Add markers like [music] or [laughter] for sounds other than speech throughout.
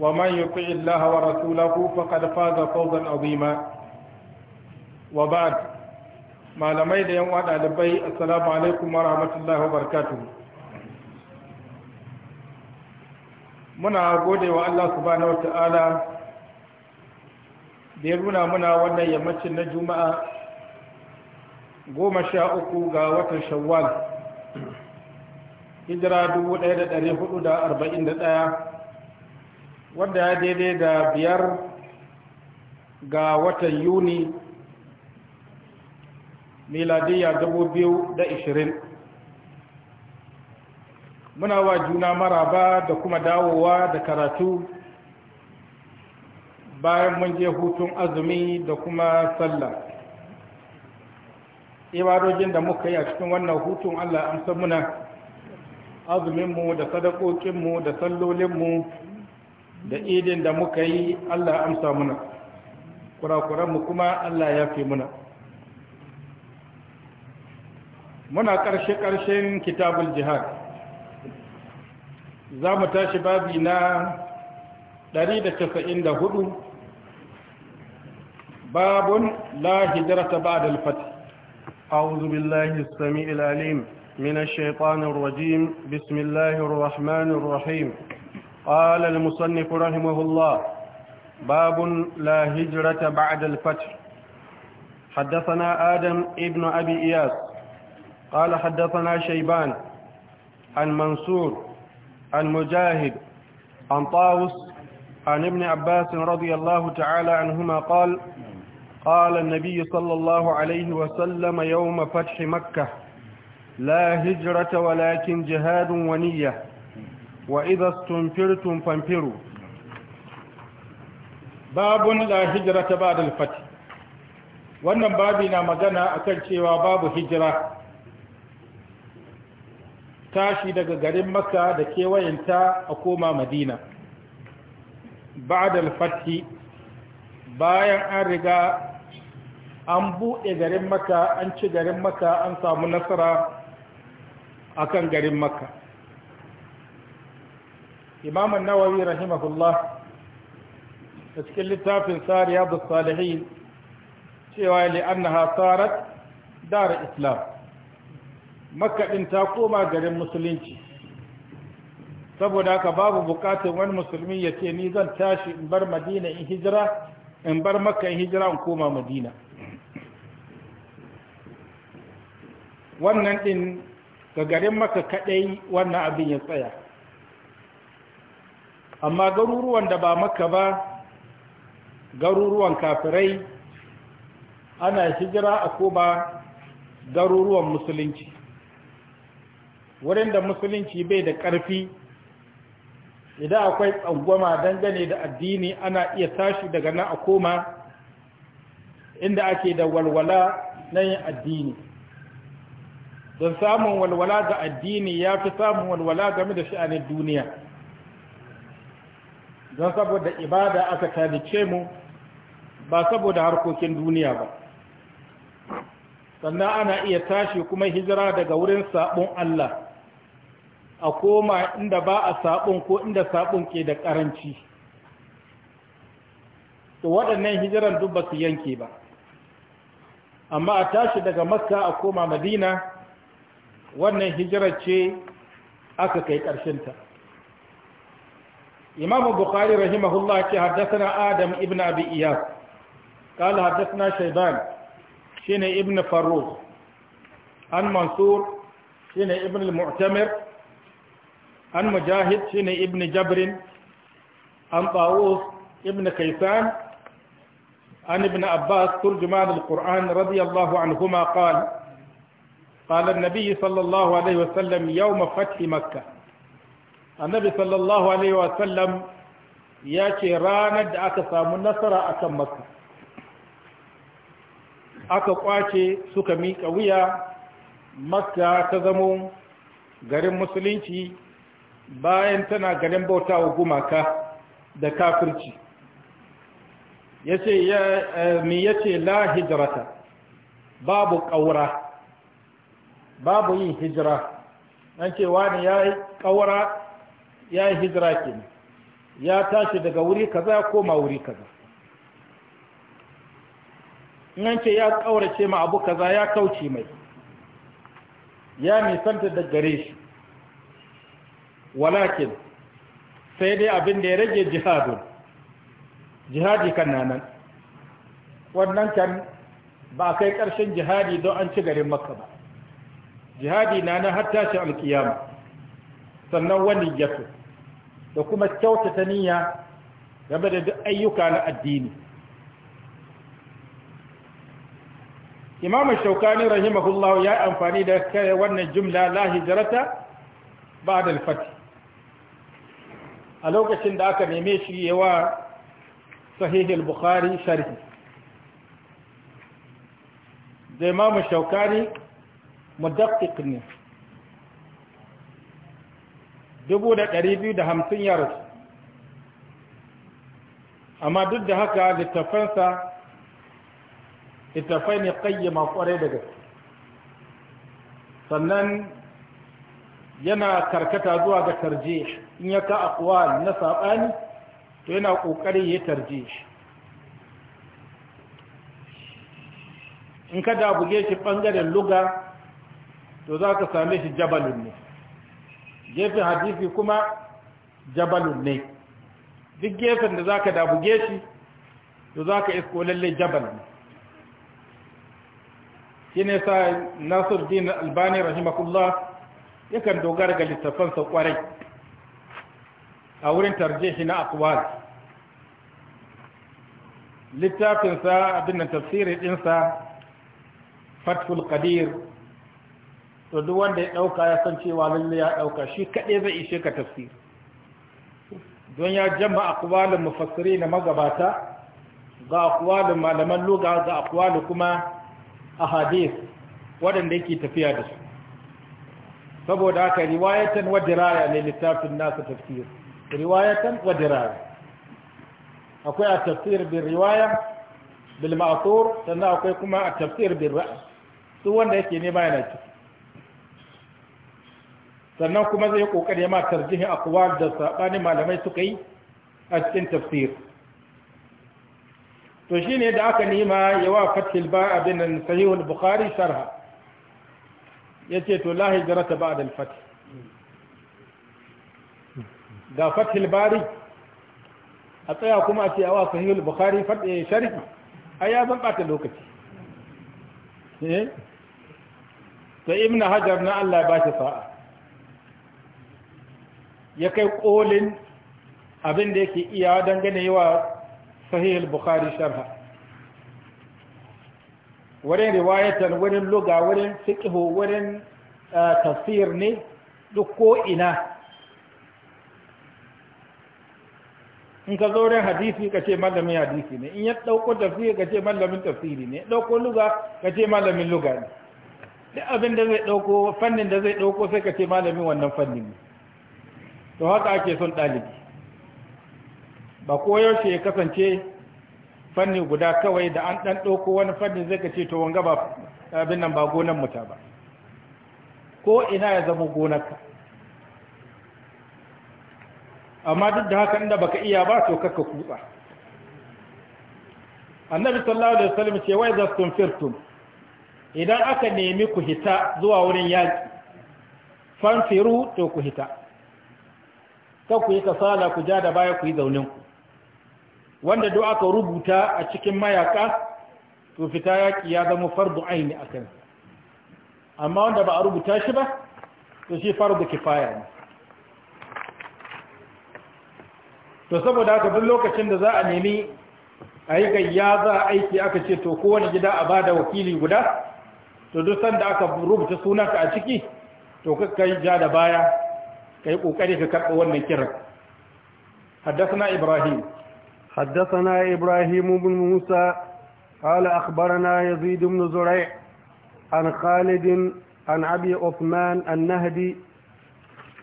ومن يطع الله ورسوله فقد فاز فوزا عظيما وبعد ما لمي da yan wada dalibai assalamu alaikum wa rahmatullahi wa barakatuh muna gode wa Allah subhanahu wataala da ya muna wannan yammacin na juma'a goma sha uku ga watan shawwal hijira ɗaya. Wanda ya daidai da biyar ga watan yuni miladiyya ishirin. muna wa juna maraba da kuma dawowa da karatu bayan mun je hutun azumi da kuma sallah ibadojin da muka yi a cikin wannan hutun allah amsa muna azuminmu da sadakokinmu da sallolinmu da idin da muka yi Allah amsa muna kurakuranmu kuma Allah ya fi muna muna ƙarshe-ƙarshen kitabul jihad za mu tashi babi na 194 babun la hijrata ba'da al-fath a'udhu billahi as-sami'il alim min ash-shaytanir bismillahir rahmanir rahim قال المصنف رحمه الله باب لا هجرة بعد الفتح حدثنا آدم ابن أبي إياس قال حدثنا شيبان عن منصور عن مجاهد عن طاوس عن ابن عباس رضي الله تعالى عنهما قال قال النبي صلى الله عليه وسلم يوم فتح مكة لا هجرة ولكن جهاد ونية wa idza stunfirtum fanfiru babun la hijrata ba'da al-fath wannan babi na magana akan cewa babu hijira tashi daga garin Makka da kewayenta a koma Madina Ba al bayan an riga an buɗe garin Makka an ci garin Makka an samu nasara akan garin Makka imam an-nawawi rahimahullah a cikin littafin tsari riyadus salihin cewa ya annaha tsarat dara islam makka ɗin ta koma garin musulunci saboda haka babu bukatun wani musulmi ya ce ni zan tashi in bar madina in hijira in bar makka in hijira in koma madina wannan ɗin ga garin maka kaɗai wannan abin ya tsaya amma garuruwan da ba maka ba garuruwan kafirai ana hijira a ko ba garuruwan musulunci wurin da musulunci bai da ƙarfi idan akwai tsangwama dangane da addini ana iya tashi daga nan a koma inda ake da walwala na yin addini don samun walwala ga addini ya fi samun walwala game da sha'anin duniya don saboda ibada aka talice mu ba saboda harkokin duniya ba sannan ana iya tashi kuma hijira daga wurin sabon Allah a koma inda ba a sabon ko inda sabon ke da karanci to waɗannan hijiran duk ba su yanke ba amma a tashi daga makka a koma madina wannan hijira ce aka kai ta. إمام البخاري رحمه الله حدثنا آدم ابن أبي إياس قال حدثنا شيبان شين ابن فروخ عن منصور شين ابن المعتمر عن مجاهد شين ابن جبر عن طاووس ابن كيسان عن ابن عباس ترجمان القرآن رضي الله عنهما قال قال النبي صلى الله عليه وسلم يوم فتح مكة annabi sallallahu alaihi wasallam ya ce ranar da aka samu nasara akan masu aka kwace suka miƙa wuya makka ta zamo garin musulunci bayan tana garin bauta wa gumaka da kafirci ya ce ya eh, ce la hijirata babu ƙaura babu yin hijira an ce wani ya yi ƙaura ya yi hijira kenan ya tashi daga wuri kaza ya koma wuri kaza nan ce ya kaurace ma abu kaza ya kauce mai ya nisanta da gare shi walakin sai dai abin da ya rage jihadun jihadi kan nanan wannan kan ba a kai ƙarshen jihadi don an ci garin makka ba jihadi na na hatta shi alkiyama sannan wani yato da kuma kyautata niyya game da duk ayyuka na addini imamu shaukani rahimahullah ya yi amfani da kai wannan jumla la ba ba'da al a lokacin da aka neme shi yawa sahih al-bukhari sharhi da imamu shaukani mudaqqiq ne Dubu da da biyu hamsin ya rasu amma duk da haka littafansa littafai ne kayyama kwarai da gaske sannan yana karkata zuwa ga tarje in ya ka akuwa na saɓani to yana ƙoƙari ya tarje in ka dabuge shi ɓangaren luga to za ka same shi jabalin ne gefen hadisi kuma jabalun ne duk gefen da zaka da buge shi to zaka isko lalle jabal ne shine sa Nasiruddin Albani rahimahullah yakan dogara ga littafan sa kwarai a wurin tarjihi na aqwal littafinsa abin tafsiri dinsa Fathul Qadir to duk wanda ya ɗauka ya san cewa lalle ya ɗauka shi kaɗai zai ishe ka tafsiri don ya jama akwalin mufassiri na magabata ga akwalin malaman luga ga akwalin kuma ahadis waɗanda yake tafiya da su saboda haka riwayatan wa diraya ne littafin nasa tafsir riwayatan wa diraya akwai a tafsir bin riwaya bil ma'thur sannan akwai kuma a tafsir bin ra'y su wanda yake nema yana ciki sannan kuma zai kokari ya ma tarjihi aqwal da sabani malamai suka yi a cikin tafsir to shine da aka nima yawa fatil ba abin sahih al-bukhari sharha yace to la hijrata ba'da al-fath da fatil bari a tsaya kuma a ce awa sahih al-bukhari fath eh, sharhi ai ya ban bata lokaci eh to ibn hajar na Allah ya bashi sa'a ya kai kolin abin da yake iya dangane yi wa sahihul bukari sharha wurin riwayatar wurin luga wurin fiqhu wurin eh, tafsir ne duk ko ina in ka zo wurin hadisi ka ce malamin hadisi ne in ya ɗauko tafsiri ka ce malamin tafsiri ne ɗauko luga ka ce malamin luga ne duk abin da zai ɗauko fannin da zai ɗauko sai ka ce malamin wannan fannin ne to haka ake son ɗalibi ba koyaushe ya kasance fanni guda kawai da an ɗan ɗauko wani fanni zai ka ce to wanga ba abin nan ba gonan muta ba ko ina ya zama gonaka amma duk da haka inda baka iya ba to kakka kutsa annabi sallallahu alaihi wasallam ce wai su firtum idan aka nemi ku hita zuwa wurin yaki fanfiru to ku hita kan ku yi kasala ku ja da baya ku yi zaunin ku wanda duk aka rubuta a cikin mayaka to fita yaki ya zama fardu aini akan amma wanda ba a rubuta shi ba to shi fardu kifaya ne to saboda haka duk lokacin da za a nemi a yi gayya za a aiki aka ce to kowane gida a ba da wakili guda to duk sanda aka rubuta sunanka a ciki to kai ja da baya كي kokari ka أول من kiran حدثنا إبراهيم حدثنا إبراهيم بن موسى قال أخبرنا يزيد بن زريع عن خالد عن أبي عثمان النهدي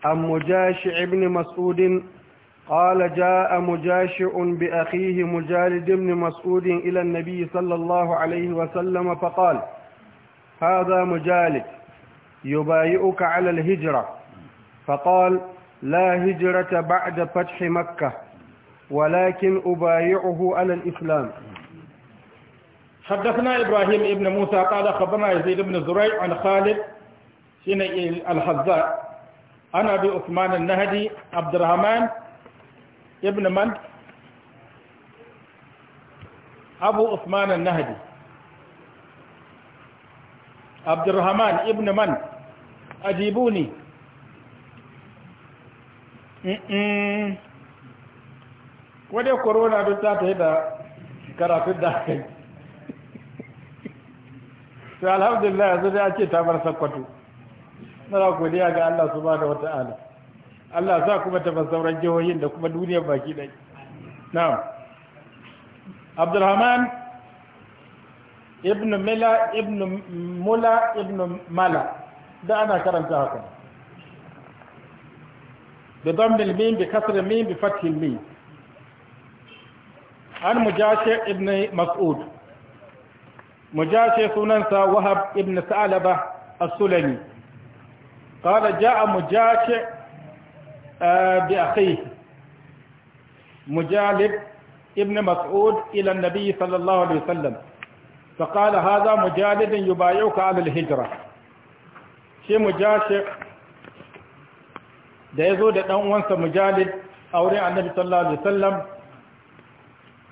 عن مجاشع بن مسعود قال جاء مجاشع بأخيه مجالد بن مسعود إلى النبي صلى الله عليه وسلم فقال هذا مجالد يبايئك على الهجرة فقال لا هجرة بعد فتح مكة ولكن أبايعه على الإسلام حدثنا إبراهيم ابن موسى قال خبرنا يزيد بن زريع عن خالد سين الحزاء أنا أبي عثمان النهدي عبد الرحمن ابن من أبو عثمان النهدي عبد الرحمن ابن من أجيبوني ko dai corona duk ta ta yi da karatun da aka yi to alhamdulillah yanzu da ce ta bar sakwato nuna godiya ga Allah wata wata'ala Allah za kuma ta bar sauran jihohin da kuma duniyar baki ɗai na'am Abdulrahman ibn Mila ibn Mula ibn Mala da ana karanta haka بضم الميم بكسر الميم بفتح الميم عن مجاشع ابن مسعود مجاشع سننسى وهب ابن ثعلبة السلمي قال جاء مجاشع آه، بأخيه مجالب ابن مسعود إلى النبي صلى الله عليه وسلم فقال هذا مجالد يبايعك على الهجرة شي مجاشع da ya zo da ɗan uwansa mujalid a wurin annabi sallallahu alaihi wasallam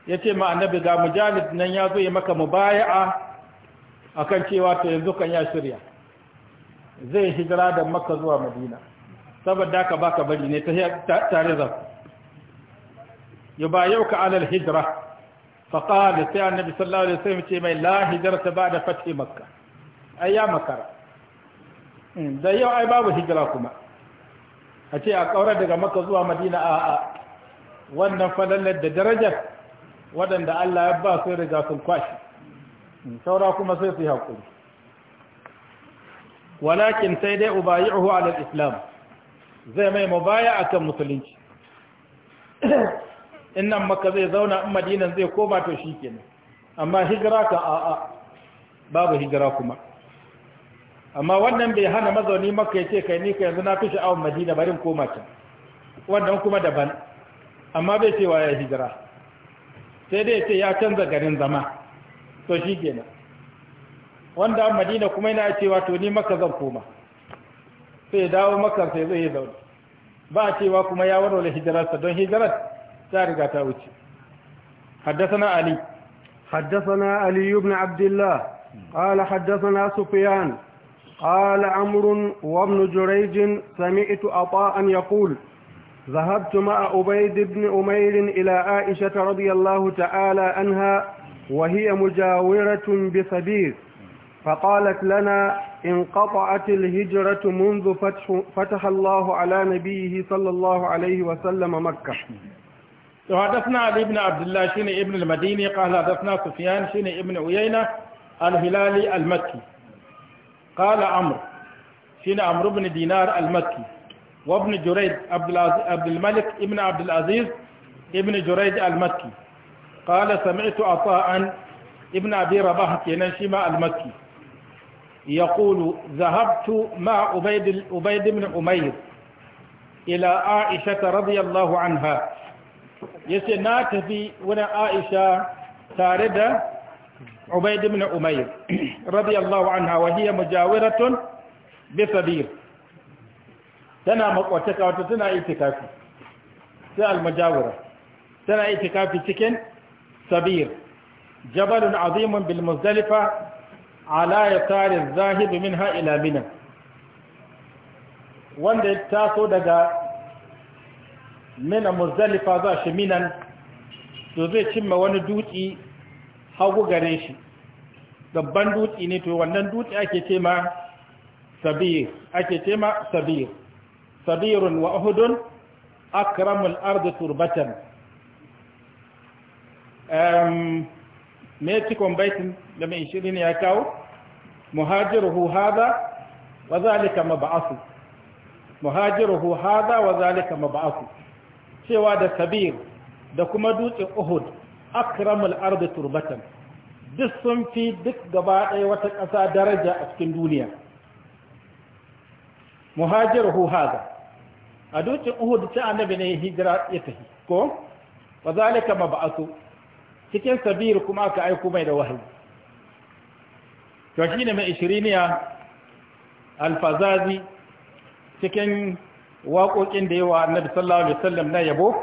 ya ce ma annabi ga mujalid nan ya zo ya maka mubaya'a akan cewa to yanzu kan ya shirya zai hijira da makka zuwa madina saboda ka baka bari ne ta tare da ya yau ka alal hijira faƙali sai annabi sallallahu alaihi wasallam ce mai la hijira ta ba da fathi makka ai ya makara hmm, da yau ai babu hijira kuma a ce a ƙaurar daga maka zuwa madina a a wannan falalar da darajar waɗanda Allah ya ba su riga sun kwashi saura kuma sai su yi haƙuri walakin sai dai ubayi'uhu ala islam zai mai baya akan musulunci [clears throat] in nan maka zai zauna in madinan zai koma to shi kenan amma hijira ka a'a babu hijira kuma amma wannan bai hana mazauni maka ya ce kai ni ka yanzu na fi sha'awar madina barin koma can wannan kuma daban amma bai cewa ya hijira sai dai ce ya canza garin zama to shi kenan wanda madina kuma yana cewa to ni maka zan koma sai dawo maka sai zai zaune ba cewa kuma ya warware hijirarsa don hijirar ta riga ta wuce حدثنا علي حدثنا علي بن عبد الله قال حدثنا سفيان قال عمرو وابن جريج سمعت عطاء يقول ذهبت مع عبيد بن أمير إلى عائشة رضي الله تعالى عنها وهي مجاورة بسبيل فقالت لنا انقطعت الهجرة منذ فتح, فتح الله على نبيه صلى الله عليه وسلم مكة وحدثنا علي بن عبد الله شيني ابن المديني قال حدثنا سفيان شيني ابن عيينة الهلالي المكي qala amr shine amr dinar al-makki wa ibn jurayd abd al-malik ibn abd al-aziz ibn jurayd al-makki qala sami'tu ata'an ibn abi kenan ma al-makki يقول ذهبت مع عبيد عبيد بن عمير إلى عائشة رضي الله عنها yace na tafi wurin Aisha tare da Ubaid ibn radiyallahu anha wa hiya mujawiratun bi sabir tana makwataka wato tana itikafi sai al-mujawira tana itikafi cikin sabir jabalun azimun bil muzdalifa ala yatari zahid minha ila mina wanda ya taso daga mina muzdalifa za shi minan to zai cimma wani dutse hagu gare shi babban dutse ne to wannan dutse ake ce ma sabir ake ce ma sabir sabirun wa uhudun akramul ardi turbatan um me cikon baitin da mai ne ya kawo muhajiruhu hadha wa zalika mab'asu muhajiruhu hadha wa zalika mab'asu cewa da sabir da kuma dutse uhud akramul ardi turbatan duk sun fi duk gaba ɗaya wata ƙasa daraja a cikin duniya muhajir huhaza a dukkan uhud ta annabi ne hijira ya tafi ko wa zalika so, cikin sabir kuma aka aiko mai da wahayi to shine mai ishiriniya alfazazi cikin waƙoƙin da yawa annabi sallallahu alaihi wasallam na yabo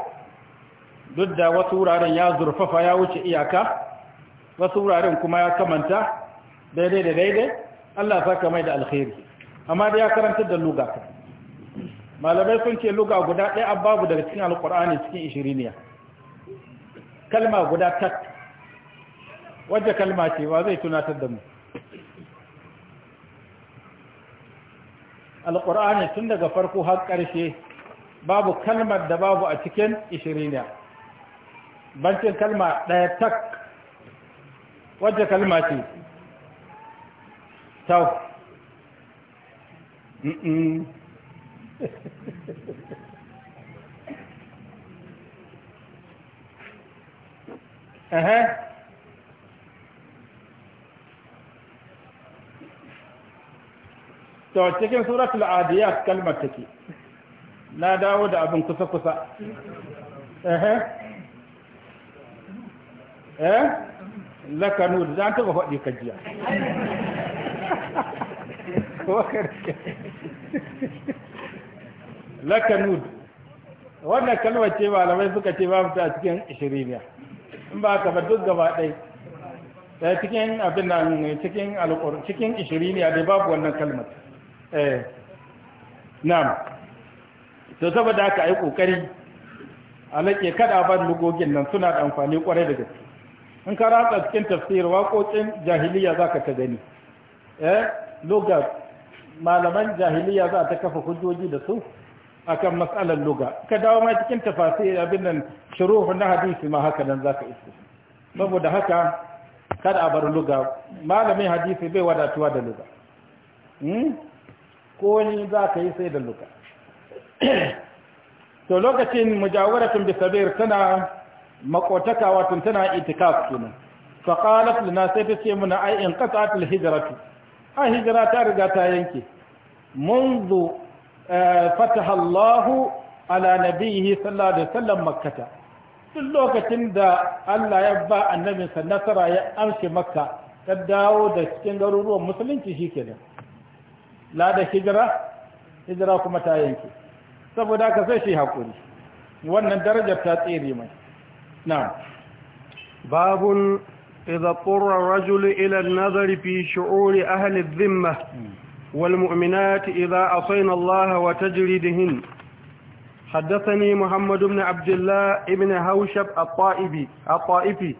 duk da wasu wuraren ya zurfafa ya wuce iyaka wasu wuraren kuma ya kamanta daidai da daidai Allah saka mai da alkhairi amma da ya karanta da luga ka malamai sun ce luga guda ɗaya an babu daga cikin alkur'ani cikin ishiriniya kalma guda tak wajen kalma ce wa zai tunatar da mu alkur'ani tun daga farko har ƙarshe babu kalmar da babu a cikin ishiriniya bancin kalma ɗaya tak Wajen kalma ce tau [laughs] To cikin suratul adiyat kalmar take. Na dawo da abin kusa kusa. Aha. Eh? zakanu da an taba faɗi kajiya lakanud wannan kalmar ce malamai suka ce ba ta cikin ishiriniya in ba ka ba duk gaba ɗai ɗaya eh, cikin abin nan cikin alƙur cikin ishiriniya dai babu wannan kalmar eh na'am to saboda haka ai kokari a lake kada ban lugogin nan suna da amfani kwarai da gaske in ka ratsa cikin tafsir waƙoƙin jahiliya za ka ta gani eh luga malaman jahiliya za ta kafa hujjoji da su akan matsalar luga ka dawo ma cikin tafasi abin nan shuruhu na hadisi ma haka nan za ka isu saboda haka kada a bar luga malamin hadisi bai wadatuwa da luga hmm? ko ni za ka yi sai da luga [coughs] to lokacin mujawaratun bisabir tana makotaka wato tana itikaf kenan fa qalat lana sai ta ce muna ai in qata'at al hijratu hijra ta riga ta yanke munzu فتح الله على نبيه صلى الله عليه وسلم مكة duk lokacin da Allah ya ba annabinsa nasara ya amshe makka ta dawo da cikin garuruwan musulunci shi kenan la da hijira hijira kuma ta yanke saboda ka sai shi hakuri. wannan darajar ta tsere mai نعم باب إذا اضطر الرجل إلى النظر في شعور أهل الذمة والمؤمنات إذا أصين الله وتجريدهن حدثني محمد بن عبد الله بن هوشب الطائبي الطائفي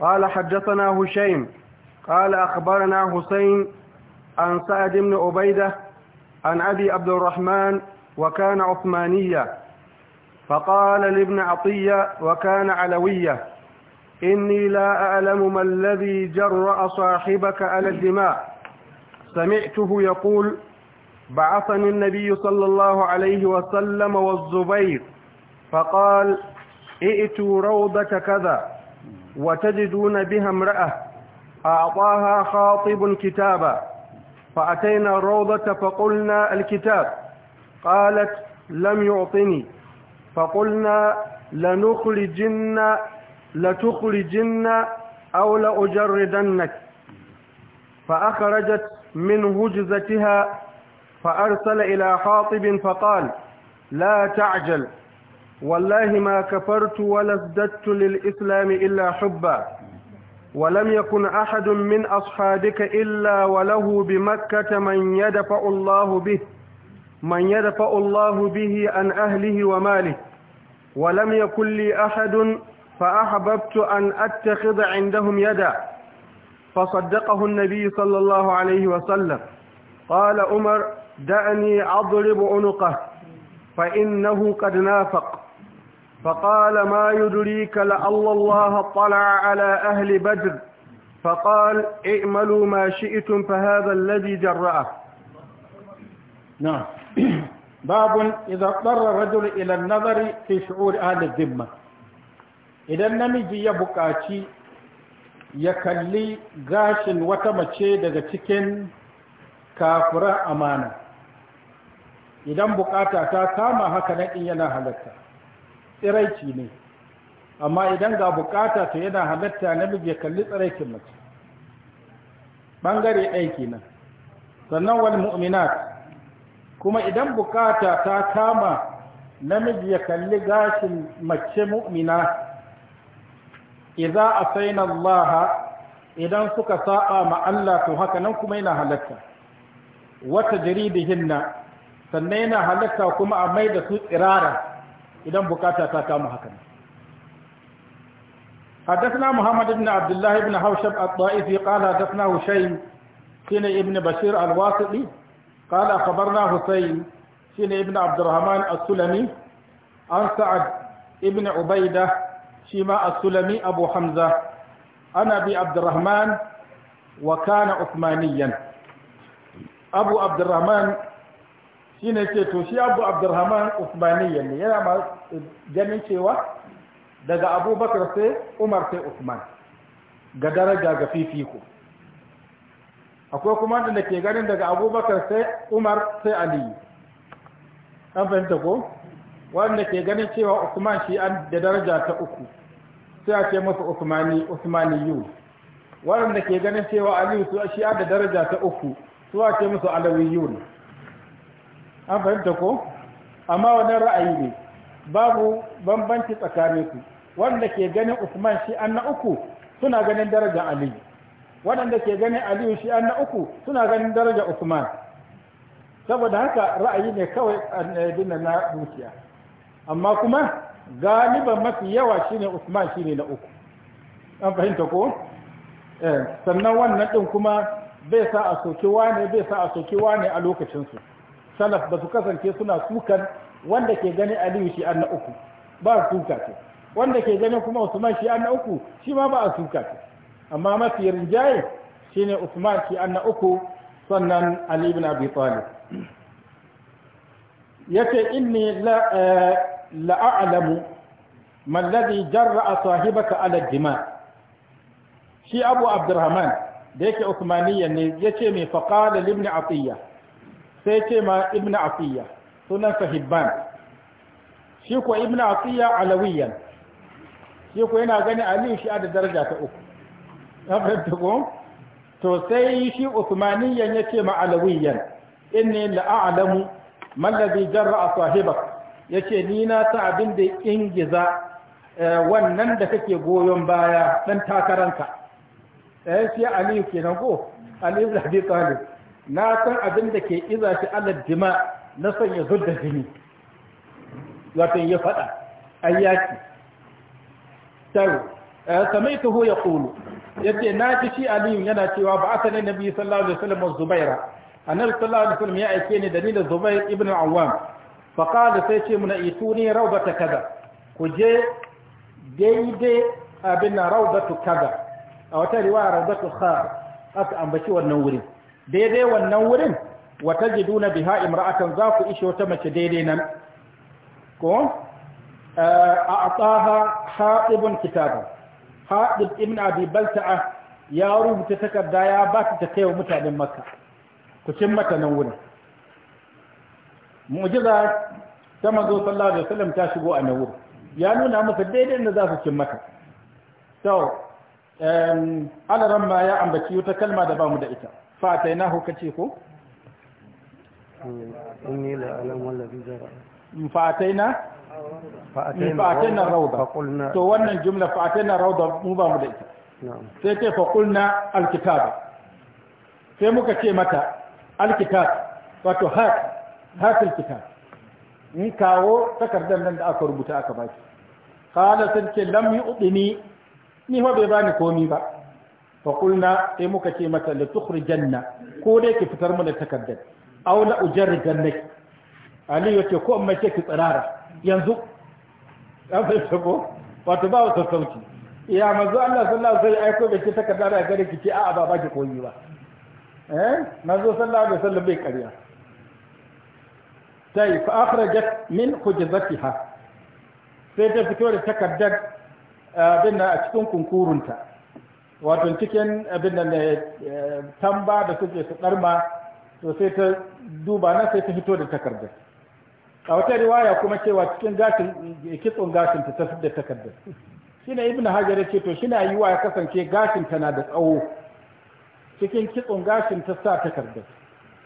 قال حدثنا هشيم قال أخبرنا حسين عن سعد بن عبيدة عن أبي عبد الرحمن وكان عثمانيا فقال لابن عطية وكان علوية إني لا أعلم ما الذي جرأ صاحبك على الدماء سمعته يقول بعثني النبي صلى الله عليه وسلم والزبير فقال ائتوا روضة كذا وتجدون بها امرأة أعطاها خاطب كتابا فأتينا الروضة فقلنا الكتاب قالت لم يعطني فقلنا لنخرجن لتخرجن أو لأجردنك فأخرجت من هجزتها فأرسل إلى حاطب فقال لا تعجل والله ما كفرت ولا ازددت للإسلام إلا حبا ولم يكن أحد من أصحابك إلا وله بمكة من يدفع الله به من يدفع الله به عن أهله وماله ولم يكن لي أحد فأحببت أن أتخذ عندهم يدا فصدقه النبي صلى الله عليه وسلم قال عمر دعني أضرب عنقه فإنه قد نافق فقال ما يدريك لعل الله اطلع على أهل بدر فقال اعملوا ما شئتم فهذا الذي جرأه نعم babun idan tsarra rajul ila nazari fi shu'ur ahli zimma idan namiji ya buƙaci ya kalli gashin wata mace daga cikin kafiran amana idan bukata ta kama haka nan in yana halatta tsiraici ne amma idan ga buƙata to yana halatta namiji ya kalli tsiraicin mace bangare aiki nan sannan wal mu'minat kuma idan bukata ta kama namiji ya kalli gashin mace mu'mina idza asaina Allah idan suka saba ma Allah to haka nan kuma yana halatta wata jaridihinna sannan yana halatta kuma a mai da su tsirara idan bukata ta kama haka nan حدثنا محمد بن عبد الله بن حوشب الطائفي قال حدثنا هشيم سين ابن بشير الواسطي قال أخبرنا حسين شين ابن عبد الرحمن السلمي عن سعد ابن عبيدة شيماء السلمي أبو حمزة أنا أبي عبد الرحمن وكان عثمانيا أبو عبد الرحمن shine ce to shi abu abdurrahman usmaniyya ne yana ma ganin cewa daga abubakar sai umar sai usman ga daraja ga fifiko akwai kuma wanda ke ganin daga abubakar sai umar sai aliyu an fahimta ko wanda ke ganin cewa usman shi an da daraja ta uku sai a ce masa usmani yu wanda ke ganin cewa aliyu su shi an da daraja ta uku su a ce musu ne an fahimta ko amma wani ra'ayi ne babu bambanci tsakanin su wanda ke ganin usman shi an na uku suna ganin darajar aliyu waɗanda ke ganin aliyu shi an na uku suna ganin daraja usman saboda haka ra'ayi ne kawai annabin eh, na dukiya amma kuma galiban mafi yawa shi ne usman shi ne na uku an fahimta ko eh, sannan wannan ɗin kuma bai sa a soki wane bai sa a soki wane a lokacinsu. salaf ba su kasance suna sukan wanda ke gani aliyu shi an na uku ba suka ce wanda ke ganin kuma usman shi an na uku shi ma ba a suka ce amma mafi rinjaye shine Usman shi anna uku sannan Ali ibn Abi Talib yace inni la eh, la a'lamu man alladhi jarra sahibaka ala dima shi Abu Abdurrahman da yake Usmaniyya ne yace mai faqala ibn Atiyya sai ce ma ibn Atiyya sunan sahibban shi ko ibn Atiyya alawiyan shi ko yana gani Ali shi a da daraja ta uku ko to sai shi usmaniyan yace ma alawiyan inni la a'lamu man ladhi jarra sahibak yace ni na ta abin da ingiza wannan da kake goyon baya dan takaranka eh sai ali nan ko ali ibn abi talib na san abin da ke iza shi alal dima na ya zudda jini wato ya fada ayyaki tawo samaituhu yaqulu yace na ji shi aliyu yana cewa ba aka ne nabi sallallahu alaihi wasallam zubaira annabi sallallahu alaihi wasallam ya aike ni da ni da zubair ibn awwam fa qala sai ce mun ituni rawbata kaza ku je daidai abin na rawbatu kaza a wata riwaya rawbatu khar aka ambaci wannan wurin daidai wannan wurin wa tajiduna biha imra'atan za ku ishe wata mace daidai nan ko a ataha hatibun kitabun haɗin ibn abi balta'a ya rubuta takarda ya ba ta kai wa mutanen makka ku cin mata nan wurin mu'jiza ta mazo sallallahu alaihi wasallam ta shigo a nan ya nuna masa daidai da za su cin mata so um alaran ma ya ambaci wata kalma da bamu da ita fa tainahu kace ko inni la alam zara fa'atina rauda to wannan jumla fa'atina rauda mu ba mu da ita sai ce faqulna alkitab sai muka ce mata alkitab wato hat hat alkitab ni kawo takardar nan da aka rubuta aka baki qala sai ce lam yu'tini ni fa bai bani komi ba faqulna sai muka ce mata la tukhrijanna ko dai ki fitar mu da takardar aw la ujarrijannaki ali ce ko amma ce ki tsirara yanzu an sai shigo wato ba wata sauki ya mazu Allah sallallahu alaihi wasallam aiko bai ce takarda da gare ki ce a'a ba ba ki koyi ba eh mazu sallallahu alaihi wasallam bai kariya tai fa akhrajat min hujzatiha sai ta fito da takardar eh, abin a cikin kunkurunta wato cikin abin da ne eh, tamba da suke su darma to sai ta duba na sai ta fito da takardar a wata riwaya kuma cewa cikin gashin kitson gashin ta tafi da takardar shine ibn hajar yace to shine yiwa ya kasance gashin ta na da tsawo cikin kitson gashin ta sa takardar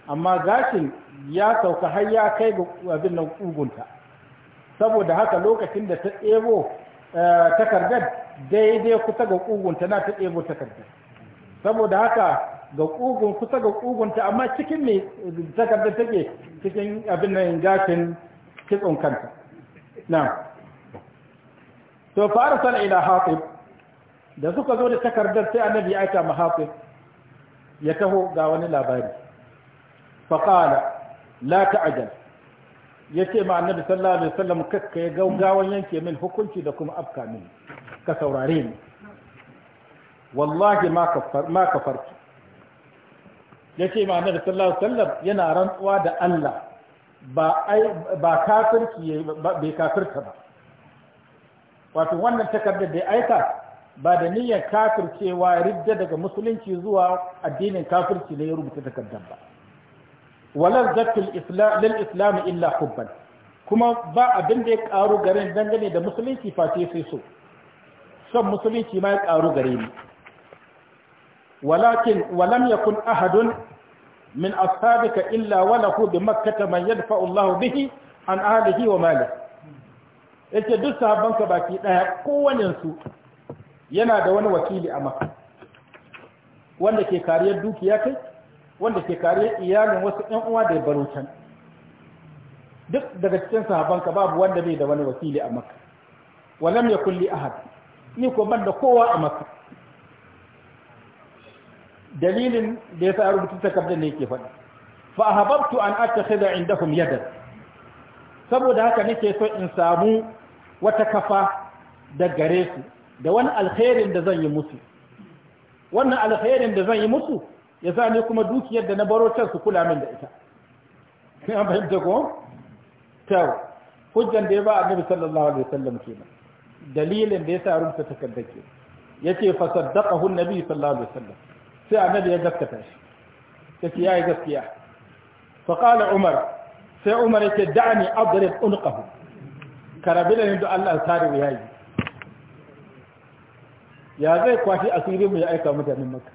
amma gashin ya sauka har ya kai ga abin nan kugunta saboda haka lokacin da ta ɗebo eh, takardar daidai kusa ga kugunta na ta ɗebo takardar saboda haka ga kugun kusa ga kugunta amma cikin mai eh, takardar take cikin abin nan gashin kitson kanta na to fara san ila hatib da suka zo da takardar sai annabi ya aika ma hatib ya taho ga wani labari faqala la ta'jal yace ma annabi sallallahu alaihi wasallam kakka ya gaugawan yanke min hukunci da kuma afka min ka saurare ni wallahi ma kafar ma kafarki yace ma annabi sallallahu alaihi wasallam yana rantsuwa da Allah ba ba kafirci bai kafirta ba wato wannan takardar da ya aika ba da niyyar kafircewa ridda daga musulunci zuwa addinin kafirci ne ya rubuta takardar ba walar zafin lil islam illa hubban kuma ba abin da ya karu garin dangane da musulunci face sai so son musulunci ma ya karu gare ni walakin walam yakun ahadun min ka illa wa lahu bi makkata man yadfa'u Allah bihi an ahlihi wa mali yace duk sahabbanka baki daya kowanne su yana da wani wakili a makka wanda ke kariyar dukiya kai wanda ke kariyar iyalin wasu ɗan uwa da baro can duk daga cikin sahabbanka babu wanda bai da wani wakili a makka ahad ni ko ban da kowa a dalilin da ya sa rubutu takardar ne yake faɗi fa ahbabtu an attakhidha indakum yada saboda haka nake so in samu wata kafa da gare su da wani alkhairin da zan yi musu wannan alkhairin da zan yi musu ya sa ni kuma dukiyar da na baro ta su kula min da ita an fahimta ko to hujjan da ya ba annabi sallallahu alaihi wasallam kenan dalilin da ya sa rubuta takardar ke yace fa saddaqahu annabi sallallahu alaihi wasallam sai annabi ya gaskata shi yake yi gaskiya fa qala umar sai umar yake da'ani adrib unqahu karabila ne da Allah ya yi. ya zai kwashi asiri mu ya aika mutanen makka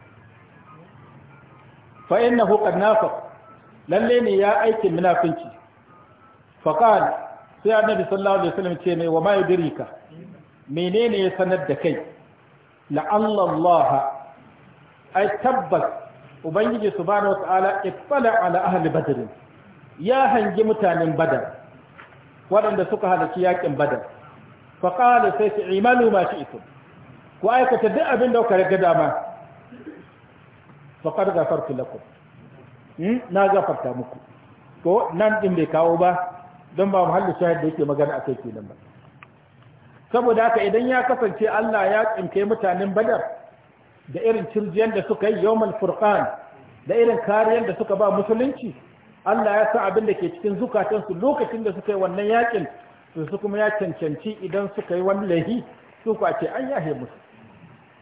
fa innahu qad nafaq lalle ne ya aikin munafinci fa qala sai annabi sallallahu alaihi wasallam ce mai wa ma yudrika menene ya sanar da kai la'alla Allah ai tabbas ubangiji subhanahu wataala ittala ala ahli badr ya hangi mutanen badar waɗanda suka halarci yakin badar fa qala sai su imanu ma shi ku aikata duk abin da kuka riga dama fa qad ghafartu lakum hmm? na gafarta muku ko nan din bai kawo ba don ba muhallu shahid da yake magana akai kenan ba saboda haka idan ya kasance Allah ya tsinke mutanen badar da irin cirjiyar da suka yi yawon furkan da irin kariyar da suka ba musulunci Allah ya sa abin da ke cikin zukatansu lokacin da suka yi wannan yakin su su kuma ya cancanci idan suka yi wani lahi su ku a ce an yahe musu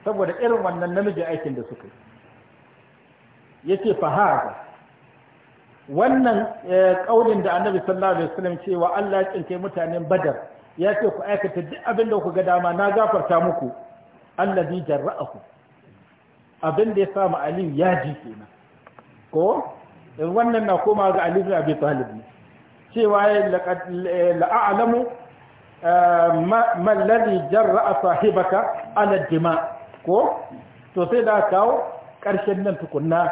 saboda irin wannan namiji aikin da suka yi Ya yace fahaga wannan eh, ƙaunin da annabi sallallahu alaihi wasallam cewa Allah ya tsinke mutanen badar ya ce ku aikata duk abin da ku ga dama na gafarta muku allazi jarra'ahu abin da ya samu aliyu ya ji kenan ko eh, wannan na koma ga aliyu da abi talib ne cewa ya eh, la'alamu eh, mallari jarra sahibaka ala dima ko to sai da kawo karshen nan tukunna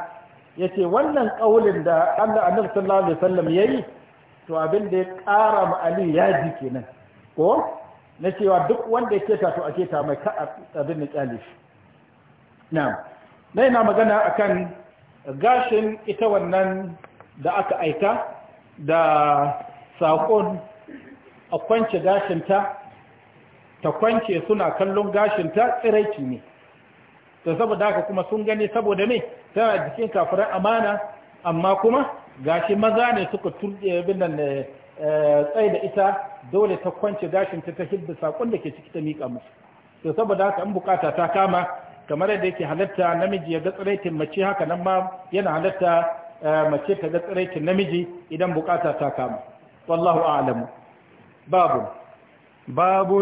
ya ce wannan ƙaunin da allah annabi sallallahu alaihi wasallam ya yi to abin da ya ƙara ma aliyu ya ji kenan ko na cewa duk wanda ya keta to a keta mai ka abin da kyale na? na yana magana akan gashin ita wannan da aka aika da saƙon a kwance gashinta ta kwance suna kallon gashinta tsiraiki ne ta saboda haka kuma sun gani saboda ne tana jikin kafirar amana amma kuma gashi maza ne suka turɗe binan eh, eh, tsaye da ita dole ta kwance gashinta ta hidda saƙon da ke ciki ta miƙa musu to saboda haka an bukata ta kama kamar yadda yake halatta namiji ya ga tsiraitin mace haka nan ma yana halatta mace ta ga tsiraitin namiji idan bukata ta kama wallahu a'lamu babu babu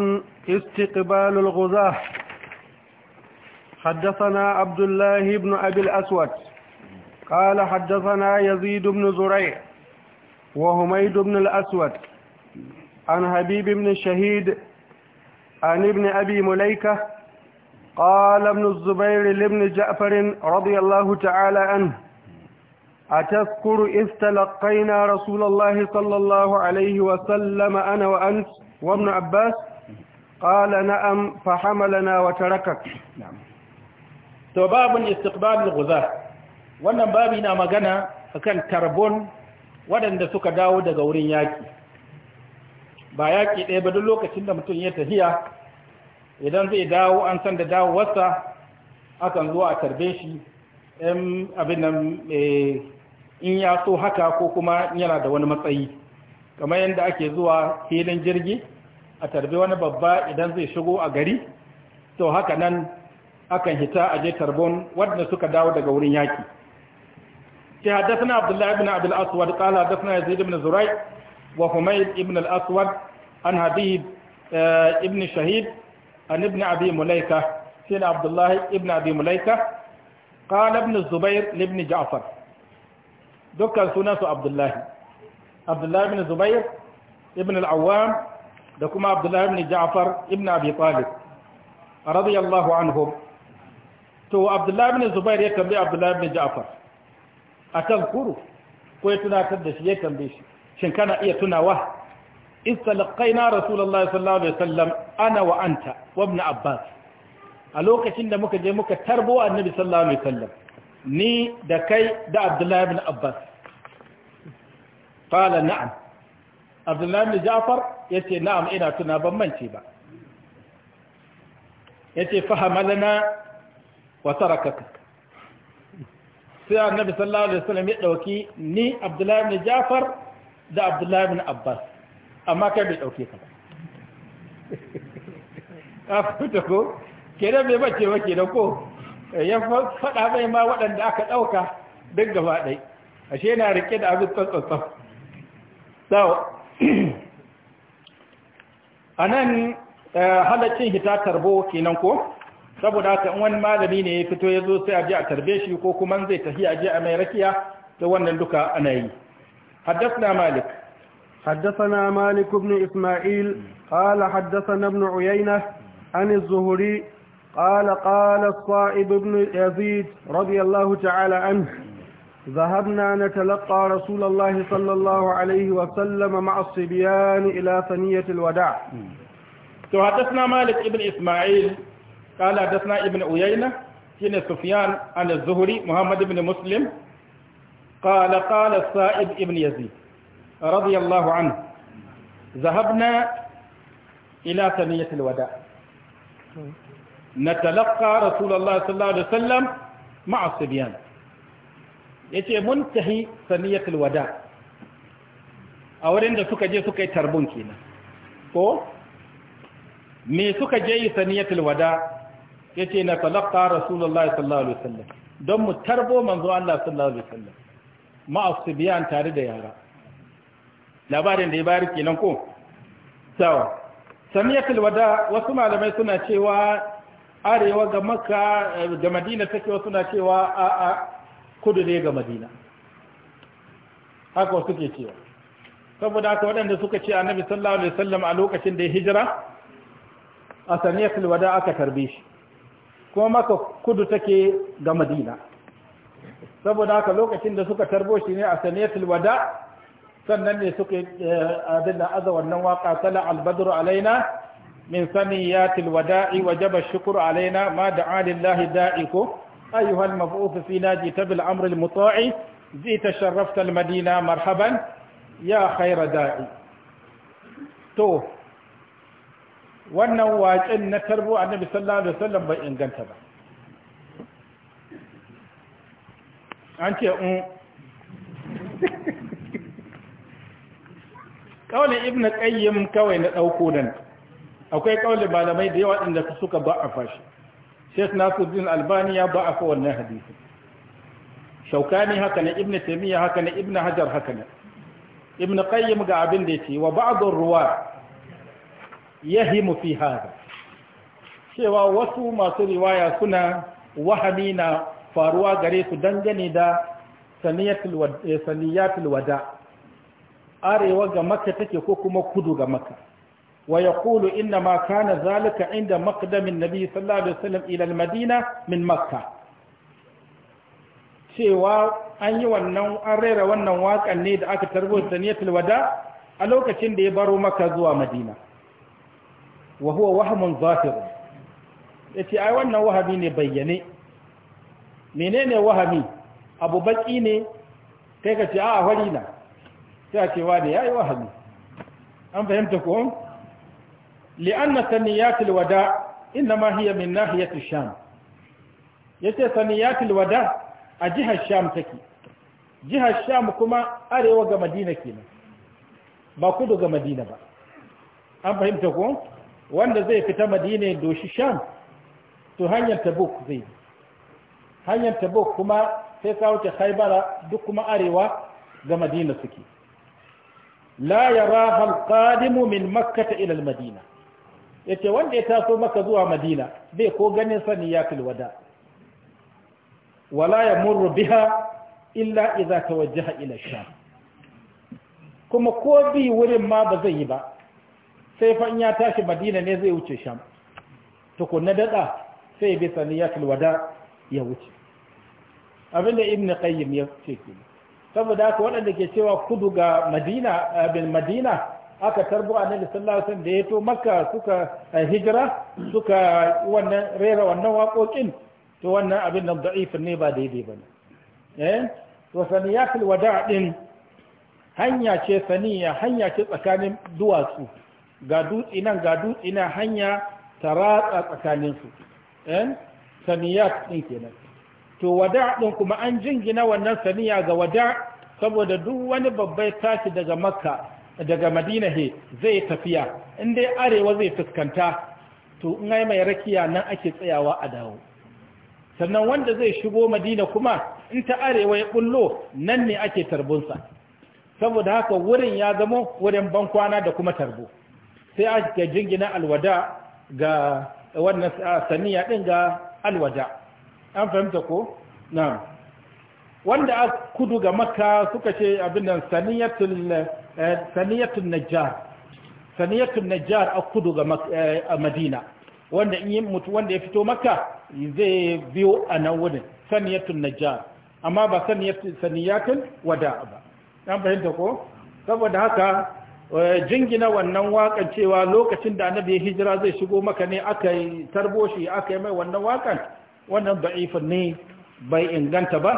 istiqbalul استقبال الغزاة abdullah ibn abil aswad qala الأسود yazid ibn zuray wa humayd ibn al aswad an habib ibn shahid عن ابن أبي مليكة قال ابن الزبير لابن جعفر رضي الله تعالى عنه أتذكر إذ تلقينا رسول الله صلى الله عليه وسلم أنا وأنت وابن عباس قال نعم فحملنا وتركك نعم to babun istiqbalul wannan babi na magana akan tarbon waɗanda suka dawo daga wurin yaki ba yaƙi ɗaya ba duk lokacin da mutum ya tafiya idan zai dawo an san da dawowarsa akan zo a tarbe shi abin nan eh, in ya so haka ko kuma yana da wani matsayi kamar yadda ake zuwa filin jirgi a tarbe wani babba idan zai shigo a gari to haka nan akan hita a je tarbon wadanda suka dawo daga wurin yaki sai haddathana abdullahi ibn abdul aswad qala haddathana yazid ibn zurai wa humayd ibn al aswad an habib eh, ibn shahid an ibn abi mulaika sai na abdullahi ibn abi mulaika qala ibn zubair ibn ja'far dukkan sunan abdullahi abdullahi ibn zubair ibn al da kuma abdullahi ibn ja'far ibn abi talib radiyallahu anhum to abdullahi ibn zubair ya tambaye abdullahi ibn ja'far atazkuru ko ya tunatar da shi ya tambaye shi shin kana iya tunawa istalqaina rasulullahi sallallahu alaihi wasallam ana wa anta wa ibn abbas a lokacin da muka je muka tarbo annabi sallallahu alaihi wasallam ni da kai da abdullahi ibn abbas qala na'am abdullahi ibn ja'far yace na'am ina tuna ban mance ba yace fahamalana wa tarakaka sai annabi sallallahu alaihi wasallam ya dauki ni abdullahi ibn ja'far da abdullahi ibn abbas amma kai bai ɗauke ka ba a fito ko kenan bai bace ba kenan ko eh, ya faɗa mai ma waɗanda aka ɗauka duk gaba ɗai ashe na rike da abin tsantsantsaf so a nan eh, halaccin hita tarbo kenan ko saboda ta wani malami ne ya fito ya zo sai a a tarbe shi ko kuma zai tafi a a mai rakiya da wannan duka ana yi haddasa malik حدثنا مالك بن إسماعيل قال حدثنا ابن عيينة عن الزهري قال قال الصائب بن يزيد رضي الله تعالى عنه ذهبنا نتلقى رسول الله صلى الله عليه وسلم مع الصبيان إلى ثنية الوداع حدثنا مالك بن إسماعيل قال حدثنا ابن عيينة كان سفيان عن الزهري محمد بن مسلم قال قال الصائب بن يزيد رضي الله عنه ذهبنا إلى ثنية الوداع نتلقى رسول الله صلى الله عليه وسلم مع الصبيان yace mun tahi saniyatul wada a wurin da suka je suka yi tarbun kenan ko me suka je yi saniyatul wada yace na talaqa rasulullahi sallallahu alaihi wasallam don mu tarbo manzo Allah sallallahu alaihi wasallam ma asbiyan tare da yara labarin da ya bayar kenan ko sau samiyatul wada wasu malamai suna cewa arewa ga makka eh, ga madina take wasu na cewa a a kudu ne ga madina haka suke cewa saboda haka waɗanda suka ce annabi sallallahu alaihi wasallam a lokacin da ya hijira a samiyatul wada aka tarbe shi kuma maka kudu take ga madina saboda haka lokacin da suka tarbo shi ne a saniyatul wada sannan ne suka eh, abin da aza wannan waka sala albadru alaina min saniyatil wada'i wajaba shukru alaina ma da lillahi da'iku ko, al-mab'uth fina Tabil Amril amr zai mutai sharrafta madina marhaban ya khaira da'i to wannan waƙin na tarbo annabi sallallahu alaihi wasallam bai inganta ba an ce mm. Kawai ibn qayyim kawai na dauko dan akwai kaulin malamai da yawa inda suka ba'afa shi Sheikh Nasruddin Albani ya ba'afa wannan hadisi Shaukani haka ne Ibn Taymiyyah haka ne Ibn Hajar haka ne Ibn Qayyim ga abin da yake wa ba'd ar-ruwa yahimu fi hada cewa wasu masu riwaya suna wahami na faruwa gare su dangane da saniyatul eh, wada arewa ga makka take ko kuma kudu ga makka wa yaqulu inna ma kana zalika inda makadamin nabi sallallahu alaihi wasallam ila madina min makka cewa an yi wannan an rera wannan wakan ne da aka tarbo saniyatul wada a lokacin da ya baro maka zuwa madina wa huwa wahmun zahir yace ai wannan wahami ne bayyane menene wahami abu baki ne kai ka ce a hori na sai a cewa da ya yi wahali an fahimta ko li'anna saniyatul wada ma hiya min nahiyati sham yace saniyatul wada a jihar sham take jihar sham kuma arewa ga madina kenan ba kudu ga madina ba an fahimta ko wanda zai fita madina ya doshi sham to hanyar tabuk zai hanyar tabuk kuma sai ka wuce duk kuma arewa ga madina suke la yaraha alqadimu min makkata ila almadina yace wanda ya taso maka zuwa madina bai ko ganin sani ya wada wala yamurru biha illa idza tawajjaha ila sham kuma ko bi wurin ma ba zai yi ba sai fa in ya tashi madina ne zai wuce sham tukunna dada sai bi saniyatul wada ya wuce abinda ibn qayyim ya ce kenan saboda haka waɗanda ke cewa kudu ga madina bin madina aka tarbo annabi sallallahu alaihi wasallam da ya to makka suka eh, hijira suka wannan rera wannan waƙoƙin to wannan abin nan da'if ne ba daidai bane eh to saniyatul wada' din hanya ce saniya hanya ce tsakanin duwatsu ga dutsi nan ga dutsi nan hanya ta ratsa tsakanin su eh saniyat din kenan to wada ɗin kuma an jingina wannan saniya ga wada saboda duk wani babbai tashi daga makka daga madina he zai tafiya in dai arewa zai fuskanta to in ai mai rakiya nan ake tsayawa a dawo sannan wanda zai shigo madina kuma in ta arewa ya bullo nan ne ake tarbunsa saboda haka wurin ya zamo wurin bankwana da kuma tarbo sai ake jingina alwada ga wannan saniya ɗin ga alwada an fahimta ko na wanda a kudu ga maka suka ce abin da saniyatun eh, najjar saniyatun najjar a kudu ga eh, madina wanda in yi mutu wanda ya fito maka zai biyo a nan wurin saniyatun najjar amma ba saniyatun wada ba an fahimta ko saboda haka eh, jingina wannan wakan cewa lokacin da annabi ya hijira zai shigo maka ne aka tarbo shi aka yi mai wannan wakan wannan da'ifin ne bai inganta ba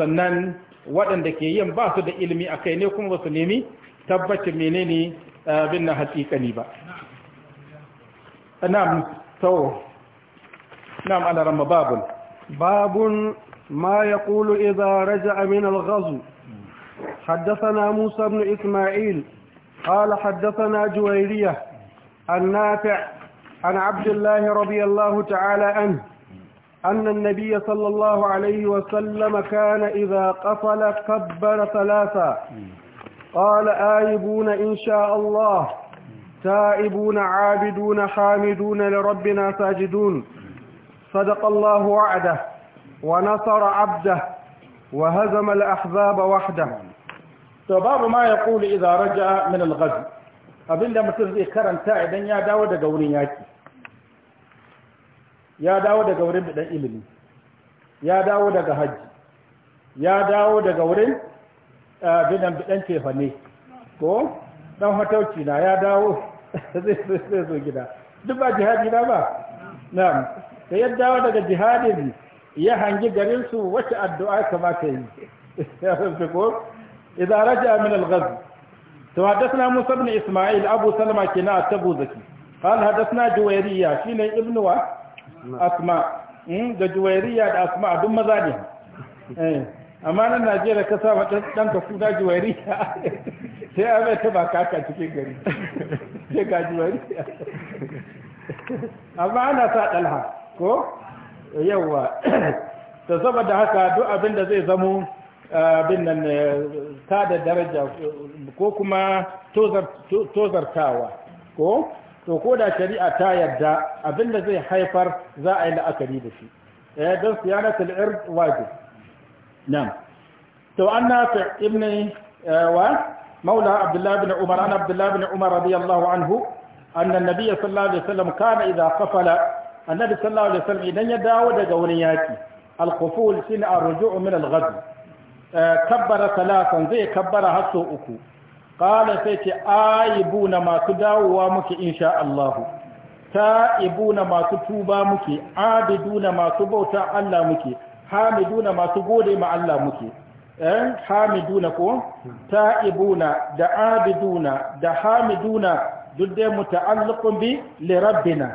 sannan waɗanda ke yin ba su da ilimi a kai ne kuma ba su nemi tabbacin menene eh, abin na hakikani ba na'am sau na'am ana ramma babun babun ما يقول إذا رجع من الغزو حدثنا موسى بن إسماعيل قال حدثنا جويرية النافع عن عبد الله رضي الله تعالى عنه أن النبي صلى الله عليه وسلم كان إذا قفل كبر ثلاثا قال آيبون إن شاء الله تائبون عابدون حامدون لربنا ساجدون صدق الله وعده ونصر عبده وهزم الأحزاب وحده فباب ما يقول إذا رجع من الغزو abinda لما zai كرم تائبا يا داود daga wurin ya dawo daga wurin da dan ilimi ya dawo daga hajji ya dawo daga wurin eh, bidan bidan kefane ko dan hatauci na ya dawo [laughs] zai zo gida duk ba jihadi na ba na'am sai ya dawo daga jihadin ya hangi garin su wace addu'a kamata yi [laughs] ya fi ko idan raja min al-ghazw to hadathna musa ibn isma'il abu salma kina tabu zaki قال hadathna juwayriya shine ibnu wa asma hmm, da juwairiya da asma duk maza ne eh, amma nan najeriya ka sa mata dan ka suna juwairiya [laughs] sai a mai taba kaka cikin gari [laughs] sai ga juwairiya amma ana sa dalha ko yawa [coughs] ta saboda haka duk abin da zai zamo eh, abin nan ta eh, da daraja ko kuma tozartawa ko to ko da shari'a ta yadda abin da zai haifar za a yi la'akari da shi eh don siyana ta lir waje nan to anna fi ibn eh, wa maula abdullahi bin umar an abdullahi bin umar radiyallahu anhu anna nabiyya sallallahu alaihi wasallam kana idha qafala annabi sallallahu alaihi wasallam idan ya dawo daga wani yaki al quful sin arju'u min al ghadb eh, kabbara thalathan zai kabbara hasu uku ƙala sai ce aibu na masu dawowa muke insha Allahu ta'ibu na masu tuba muke abidu na masu bauta Allah muke hamidu na masu gode ma Allah muke ɗan eh, hamiduna ko buna da abiduna da hamiduna duk dai muta'alliqun bi lirabbina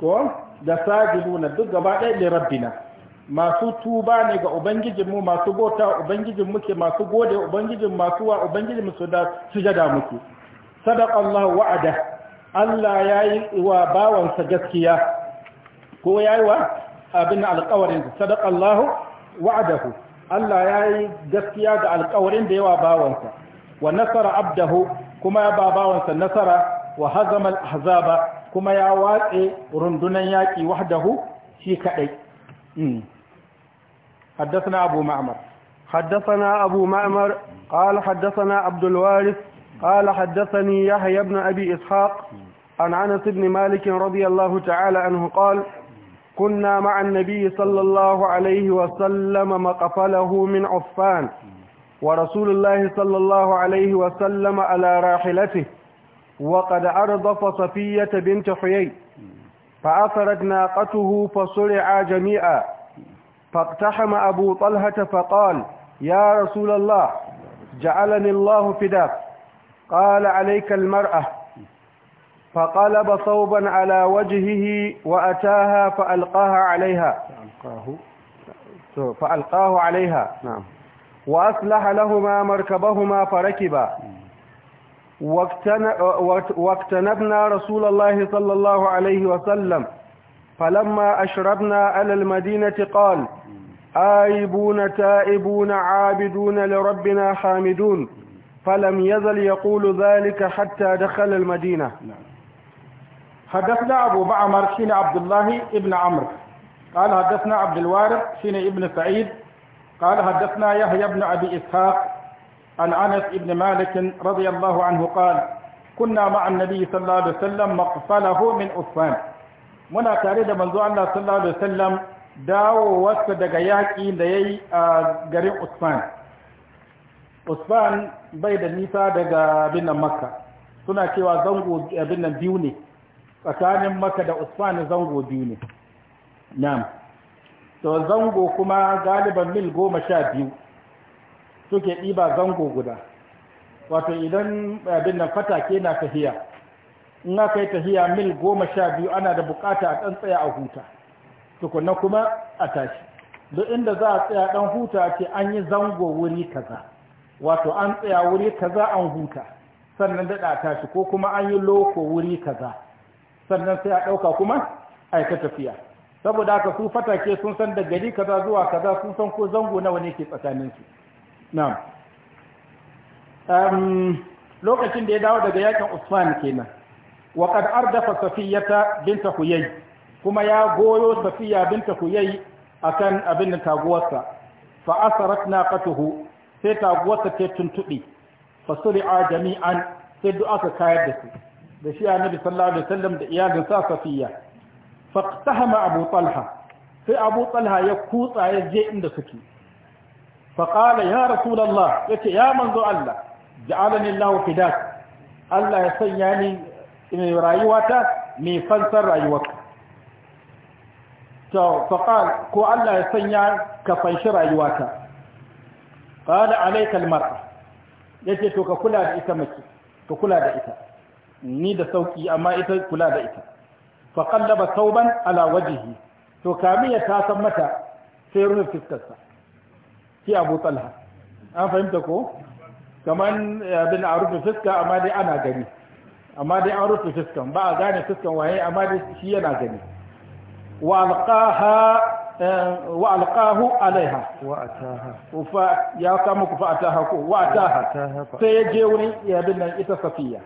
ko da sajiduna duk gaba ɗaya lirabbina masu tuba ne ga ubangijinmu masu bota ubangijin muke masu gode ubangijin masu wa ubangijin su da sujada muke Allah wa'ada Allah yayi wa bawansa gaskiya ko yayi wa abin alƙawarin Allah wa'adahu Allah yayi gaskiya ga alƙawarin da yawa bawansa wa nasara abdahu kuma ya ba bawansa nasara wa hazama hazaba kuma ya watse rundunan yaki wahdahu shi kadai hmm. حدثنا أبو معمر حدثنا أبو معمر قال حدثنا عبد الوارث قال حدثني يحيى بن أبي إسحاق عن أنس بن مالك رضي الله تعالى عنه قال كنا مع النبي صلى الله عليه وسلم مقفله من عفان ورسول الله صلى الله عليه وسلم على راحلته وقد أرضف صفية بنت حيي فأثرت ناقته فصرعا جميعا فاقتحم أبو طلحة فقال يا رسول الله جعلني الله فداك قال عليك المرأة فقلب صوبا على وجهه وأتاها فألقاها عليها فألقاه عليها نعم وأصلح لهما مركبهما فركبا واقتنبنا رسول الله صلى الله عليه وسلم فلما أشربنا على المدينة قال آيبون تائبون عابدون لربنا حامدون فلم يزل يقول ذلك حتى دخل المدينة حدثنا أبو بعمر شين عبد الله ابن عمرو قال حدثنا عبد الوارث شين ابن سعيد قال حدثنا يحيى بن أبي إسحاق عن أنس بن مالك رضي الله عنه قال كنا مع النبي صلى الله عليه وسلم مقفله من أصفان muna tare da manzo Allah sallallahu alaihi wasallam wasu daga yaƙi da ya yi a garin Usman. Usman bai da nisa daga binnan Makka, suna cewa zango binnan biyu ne, tsakanin Makka da Usman zango biyu ne. Nam. To zango kuma galiban mil goma sha biyu suke ɗiba zango guda. Wato idan binnan fatake na tafiya, in aka yi tahiya mil goma sha biyu ana da bukata a ɗan tsaya a huta tukunna kuma a tashi duk inda za a tsaya ɗan huta ce an yi zango wuri kaza wato an tsaya wuri kaza an huta sannan daɗa tashi ko kuma an yi loko wuri kaza sannan sai a ɗauka kuma a ta tafiya saboda haka su fatake sun san da gari kaza zuwa kaza sun san ko zango nawa ne ke tsakaninsu na'am ehm, lokacin da ya dawo daga yakin Usman kenan wa qad ardafa safiyata bint huyay kuma ya goyo safiya bint huyay akan abin da taguwarsa fa asarat naqatuhu sai taguwarsa ta tuntubi fa suri'a jami'an sai duk aka kayar da su da shi annabi sallallahu alaihi wasallam da iyalin sa safiya fa qtahama abu talha sai abu talha ya kutsa ya je inda suke fa qala ya rasulullah yace ya manzo Allah ja'alani Allah fidak Allah ya sanya ni rayuwata mai fansar rayuwarka to faqal ko Allah ya sanya ka fanshi rayuwata qala alayka almar'a yace to ka kula da ita mace ka kula da ita ni da sauki amma ita kula da ita fa qallaba thawban ala wajhihi to kamiya ta san mata sai rufe fiskarsa ki Abu Talha an fahimta ko kaman eh, bin a rufe fiska amma dai ana gani amma dai an rufe fuskan ba a gane fuskan waye amma dai shi yana gani wa alqaha eh, wa alqahu alaiha wa ataha ufa ya kama ku fa ataha ko wa ataha sai ya je wurin ya nan ita safiya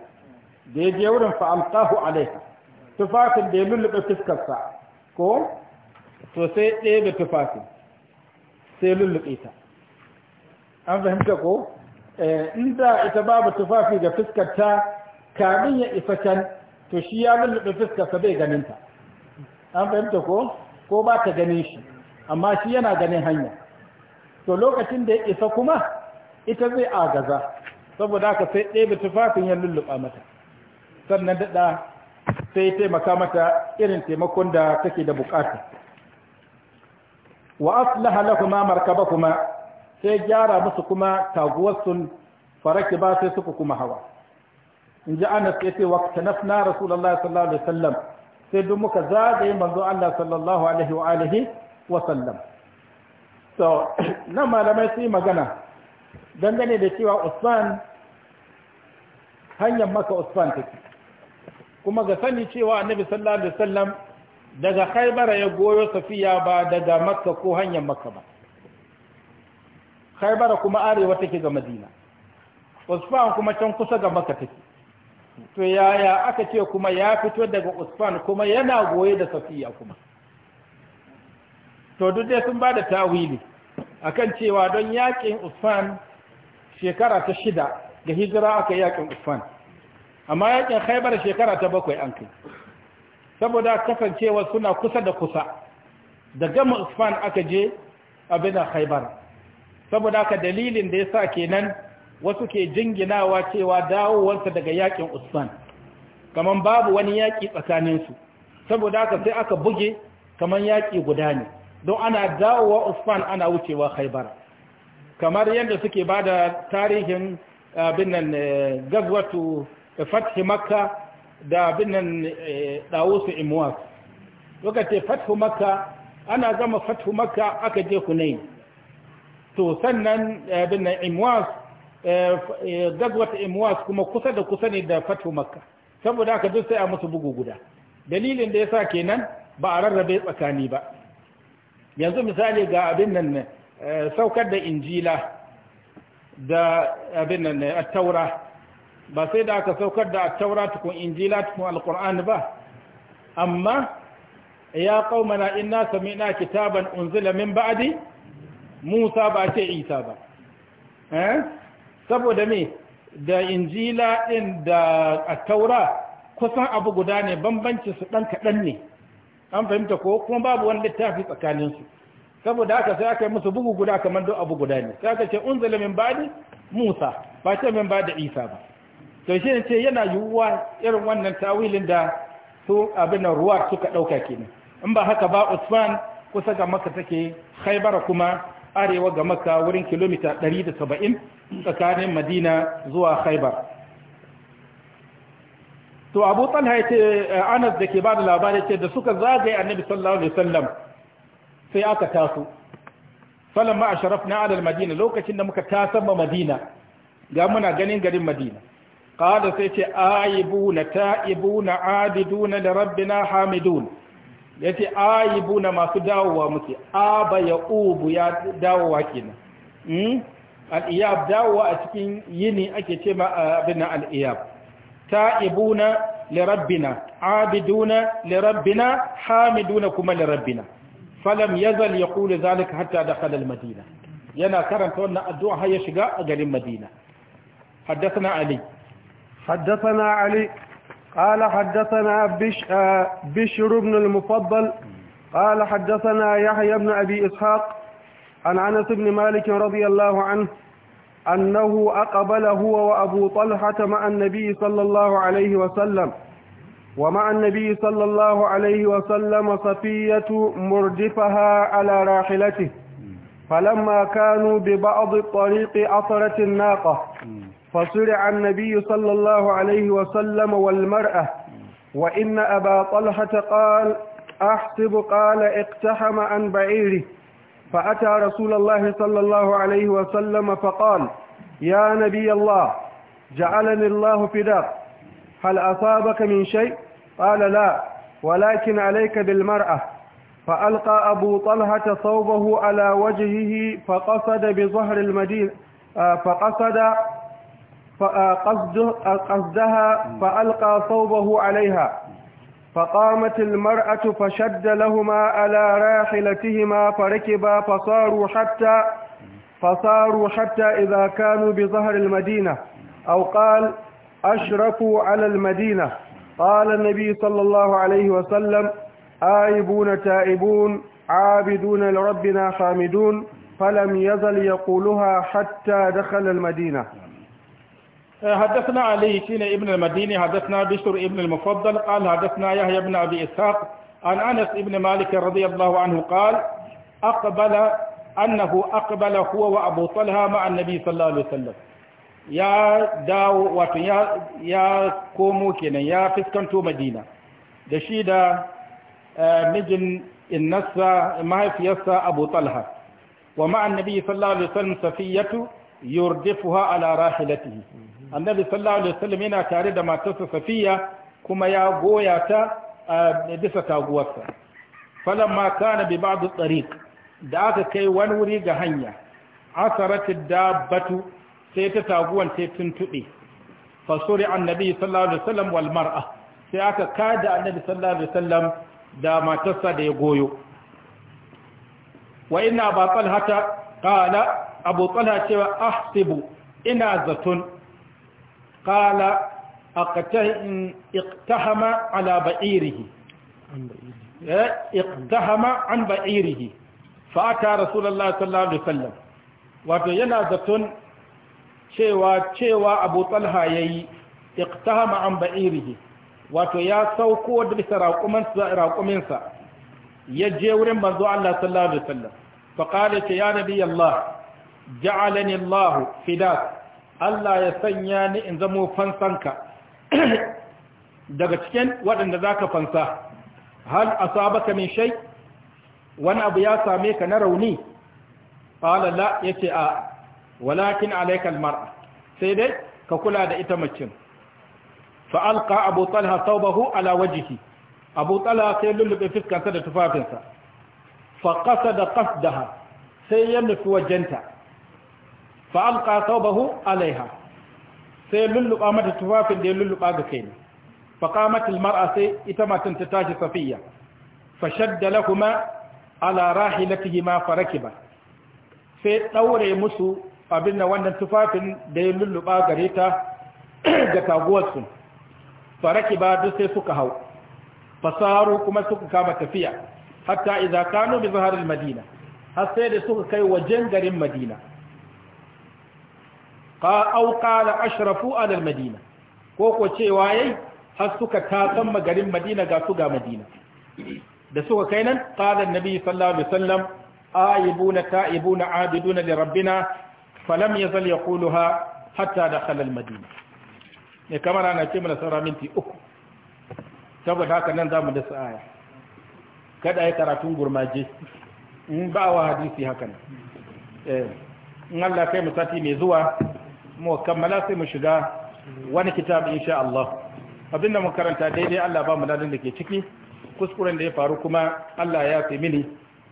da ya je wurin fa alqahu alaiha tufafin da ya lullube fuskar sa ko to sai ɗebe tufafin sai lullube ta an fahimta ko eh, inda ita babu tufafi ga fuskar ta kamin ya isa can to shi ya lullube fuskarsa bai ganinta an fahimta ko ko ba ta ganin shi amma shi yana ganin hanya to lokacin da ya isa kuma ita zai agaza saboda haka sai ɗebe tufafin ya lulluɓa mata sannan daɗa sai taimaka mata irin taimakon da take da bukata wa aslaha lakuma kuma sai gyara musu kuma taguwarsun farake ba sai suka kuma hawa in ji anas ya ce wa tanafna rasulullah sallallahu alaihi wasallam sai duk muka zagaye manzo Allah sallallahu alaihi wa alihi wa sallam so [clears throat] na malamai su magana dangane da cewa Usman hanyar maka Usman take kuma ga sani cewa annabi sallallahu alaihi wasallam daga Khaybar ya goyo Safiya ba daga Makka ko hanyar Makka ba Khaybar kuma arewa take ga Madina Usman kuma can kusa ga Makka take to yaya aka ce kuma ya fito daga usman kuma yana goye da safiya kuma to duk dai sun ba da tawili akan cewa don yakin usman shekara ta shida ga hijira aka yakin usman amma yakin haibar shekara ta bakwai an kai saboda kasancewa suna kusa da kusa da gama usman aka je abin haibar, saboda ka dalilin da ya sa kenan wasu ke jinginawa cewa dawowarsa daga yakin usman kaman babu wani yaki tsakaninsu saboda haka sai aka buge kaman yaki guda ne don ana dawowa usman ana wucewa Khaibar kamar yadda suke ba da tarihin binnan eh, gazwatu fathi makka da binnan eh, dawusu imwas lokacin fathu makka ana gama fathu makka aka je kunai to sannan eh, binnan imwas Eh, gazwata imwas kuma kusa da kusa ne da fatu makka saboda haka duk sai a musu bugu guda dalilin da yasa kenan ba a rarrabe tsakani ba yanzu misali ga abin nan eh, saukar da injila da abin nan eh, at-taura ba sai da aka saukar da at-taura tukun injila tukun alqur'ani ba amma ya qaumana inna sami'na kitaban unzila min ba'di Musa ba ce Isa ba eh saboda me da injila ɗin da taura kusan abu guda ne bambanci su ɗan kaɗan ne an fahimta ko kuma babu wani littafi tsakaninsu saboda haka sai aka yi musu bugu guda kamar don abu guda ne sai aka ce unzala min ba'di musa ba ce min ba'di isa ba to shi ne ce yana yiwuwa irin wannan tawilin da su abin ruwa suka ɗauka kenan in ba haka ba usman kusa ga maka take khaibara kuma arewa ga maka wurin kilomita 170 tsakanin madina zuwa khaibar to abu talha ce anas da ke ba da labari ce da suka zagaye annabi sallallahu alaihi wasallam sai aka taso falon ma a sharaf na adal madina lokacin da muka tasan ma madina ga muna ganin garin madina kada sai ce ayibu na ta'ibu na adidu na da rabbi na hamidun ya ce ayibu na masu dawowa muke aba ya ubu ya dawowa kenan hmm? al'iyab dawowa a cikin yini ake ce ma abin na al'iyab ta'ibuna lirabbina abiduna lirabbina hamiduna kuma lirabbina falam yazal ya kuli zalika hatta da kalal madina yana karanta wannan addu'a har ya shiga a garin madina حدثنا علي حدثنا علي قال حدثنا بش بشر بن المفضل قال حدثنا يحيى بن أبي إسحاق عن أنس بن مالك رضي الله عنه أنه أقبل هو وأبو طلحة مع النبي صلى الله عليه وسلم ومع النبي صلى الله عليه وسلم صفية مرجفها على راحلته فلما كانوا ببعض الطريق أطرت الناقة فسرع النبي صلى الله عليه وسلم والمرأة وإن أبا طلحة قال أحسب قال اقتحم عن بعيره فأتى رسول الله صلى الله عليه وسلم فقال يا نبي الله جعلني الله فداك هل أصابك من شيء قال لا ولكن عليك بالمرأة فألقى أبو طلحة صوبه على وجهه فقصد بظهر المدينة آه، فقصد آه، آه، قصدها فألقى صوبه عليها فقامت المرأة فشد لهما على راحلتهما فركبا فصاروا حتى فصاروا حتى إذا كانوا بظهر المدينة أو قال أشرفوا على المدينة قال النبي صلى الله عليه وسلم آيبون تائبون عابدون لربنا حامدون فلم يزل يقولها حتى دخل المدينة آه، حدثنا علي كين ابن المديني حدثنا بشر ابن المفضل قال حدثنا يحيى بن أبي إسحاق عن أنس ابن مالك رضي الله عنه قال أقبل أنه أقبل هو وأبو طلحة مع النبي صلى الله عليه وسلم يا داو واتو يا يا كومو كينا يا فسكنتو مدينة دشيدا آه، مجن النسا ما في أبو abu ومع النبي صلى الله عليه وسلم wasallam يردفها على راحلته annabi sallallahu alaihi wasallam yana tare da matarsa safiya kuma ya goya ta a bisa taguwarsa falamma kana bi ba'd tariq da aka kai wani wuri ga hanya asarat dabbatu sai ta taguwan sai tuntube fasuri annabi sallallahu alaihi wasallam wal mar'a sai aka kada annabi sallallahu alaihi wasallam da matarsa da ya goyo wa inna ba talhata qala abu talha cewa ahsibu ina zatun qala iqtahama ala ba'irihi iqtahama an ba'irihi fa ata rasulullahi sallallahu alaihi wasallam wato yana zaton cewa cewa Abu Talha yayi iqtahama an ba'irihi wato ya sauko da bisa raƙuminsa ya je wurin manzo Allah sallallahu alaihi wasallam fa qala ya nabi Allah ja'alani Allah fidak Allah ya sanya ni in zamo fansanka [clears throat] daga cikin waɗanda za ka fansa hal asabaka min shai wani abu ya same ka na rauni ƙala la ya ce a walakin alaikal mar'a sai dai ka kula da ita macin fa'alka abu talha taubahu ala wajihi abu talha sai lullube fuskansa da tufafinsa ƙasa da ƙasdaha sai ya nufi wajenta fa'alƙa bahu alaiha sai lulluɓa mata tufafin da ya lulluɓa ga kaina ne faƙamatul mar'a sai ita matan ta tashi safiya fashadda lahuma ala rahilatihi ma farakiba sai ɗaure musu abin da wannan tufafin da ya lulluɓa gare ta [clears throat] ga taguwarsu farakiba duk sai suka hau fasaru kuma suka kama tafiya hatta idza kanu bi madina har sai da suka kai wajen garin madina fa auka da ashrafu alal madina ko ko cewa yayi har suka tasan magarin madina ga su ga madina da suka kai nan qala annabi sallallahu alaihi wasallam aibuna taibuna abiduna li rabbina falam yazal yaquluha hatta dakhala al madina ne kamar ana ce mana saura minti uku saboda haka nan zamu da aya kada ai karatun gurmaje in ba wa hadisi hakan eh in Allah kai mu sati mai zuwa mu kammala sai mu shiga wani kitab insha Allah abinda mu karanta daidai Allah ba mu ladan da ke ciki kuskuren da ya faru kuma Allah ya fi mini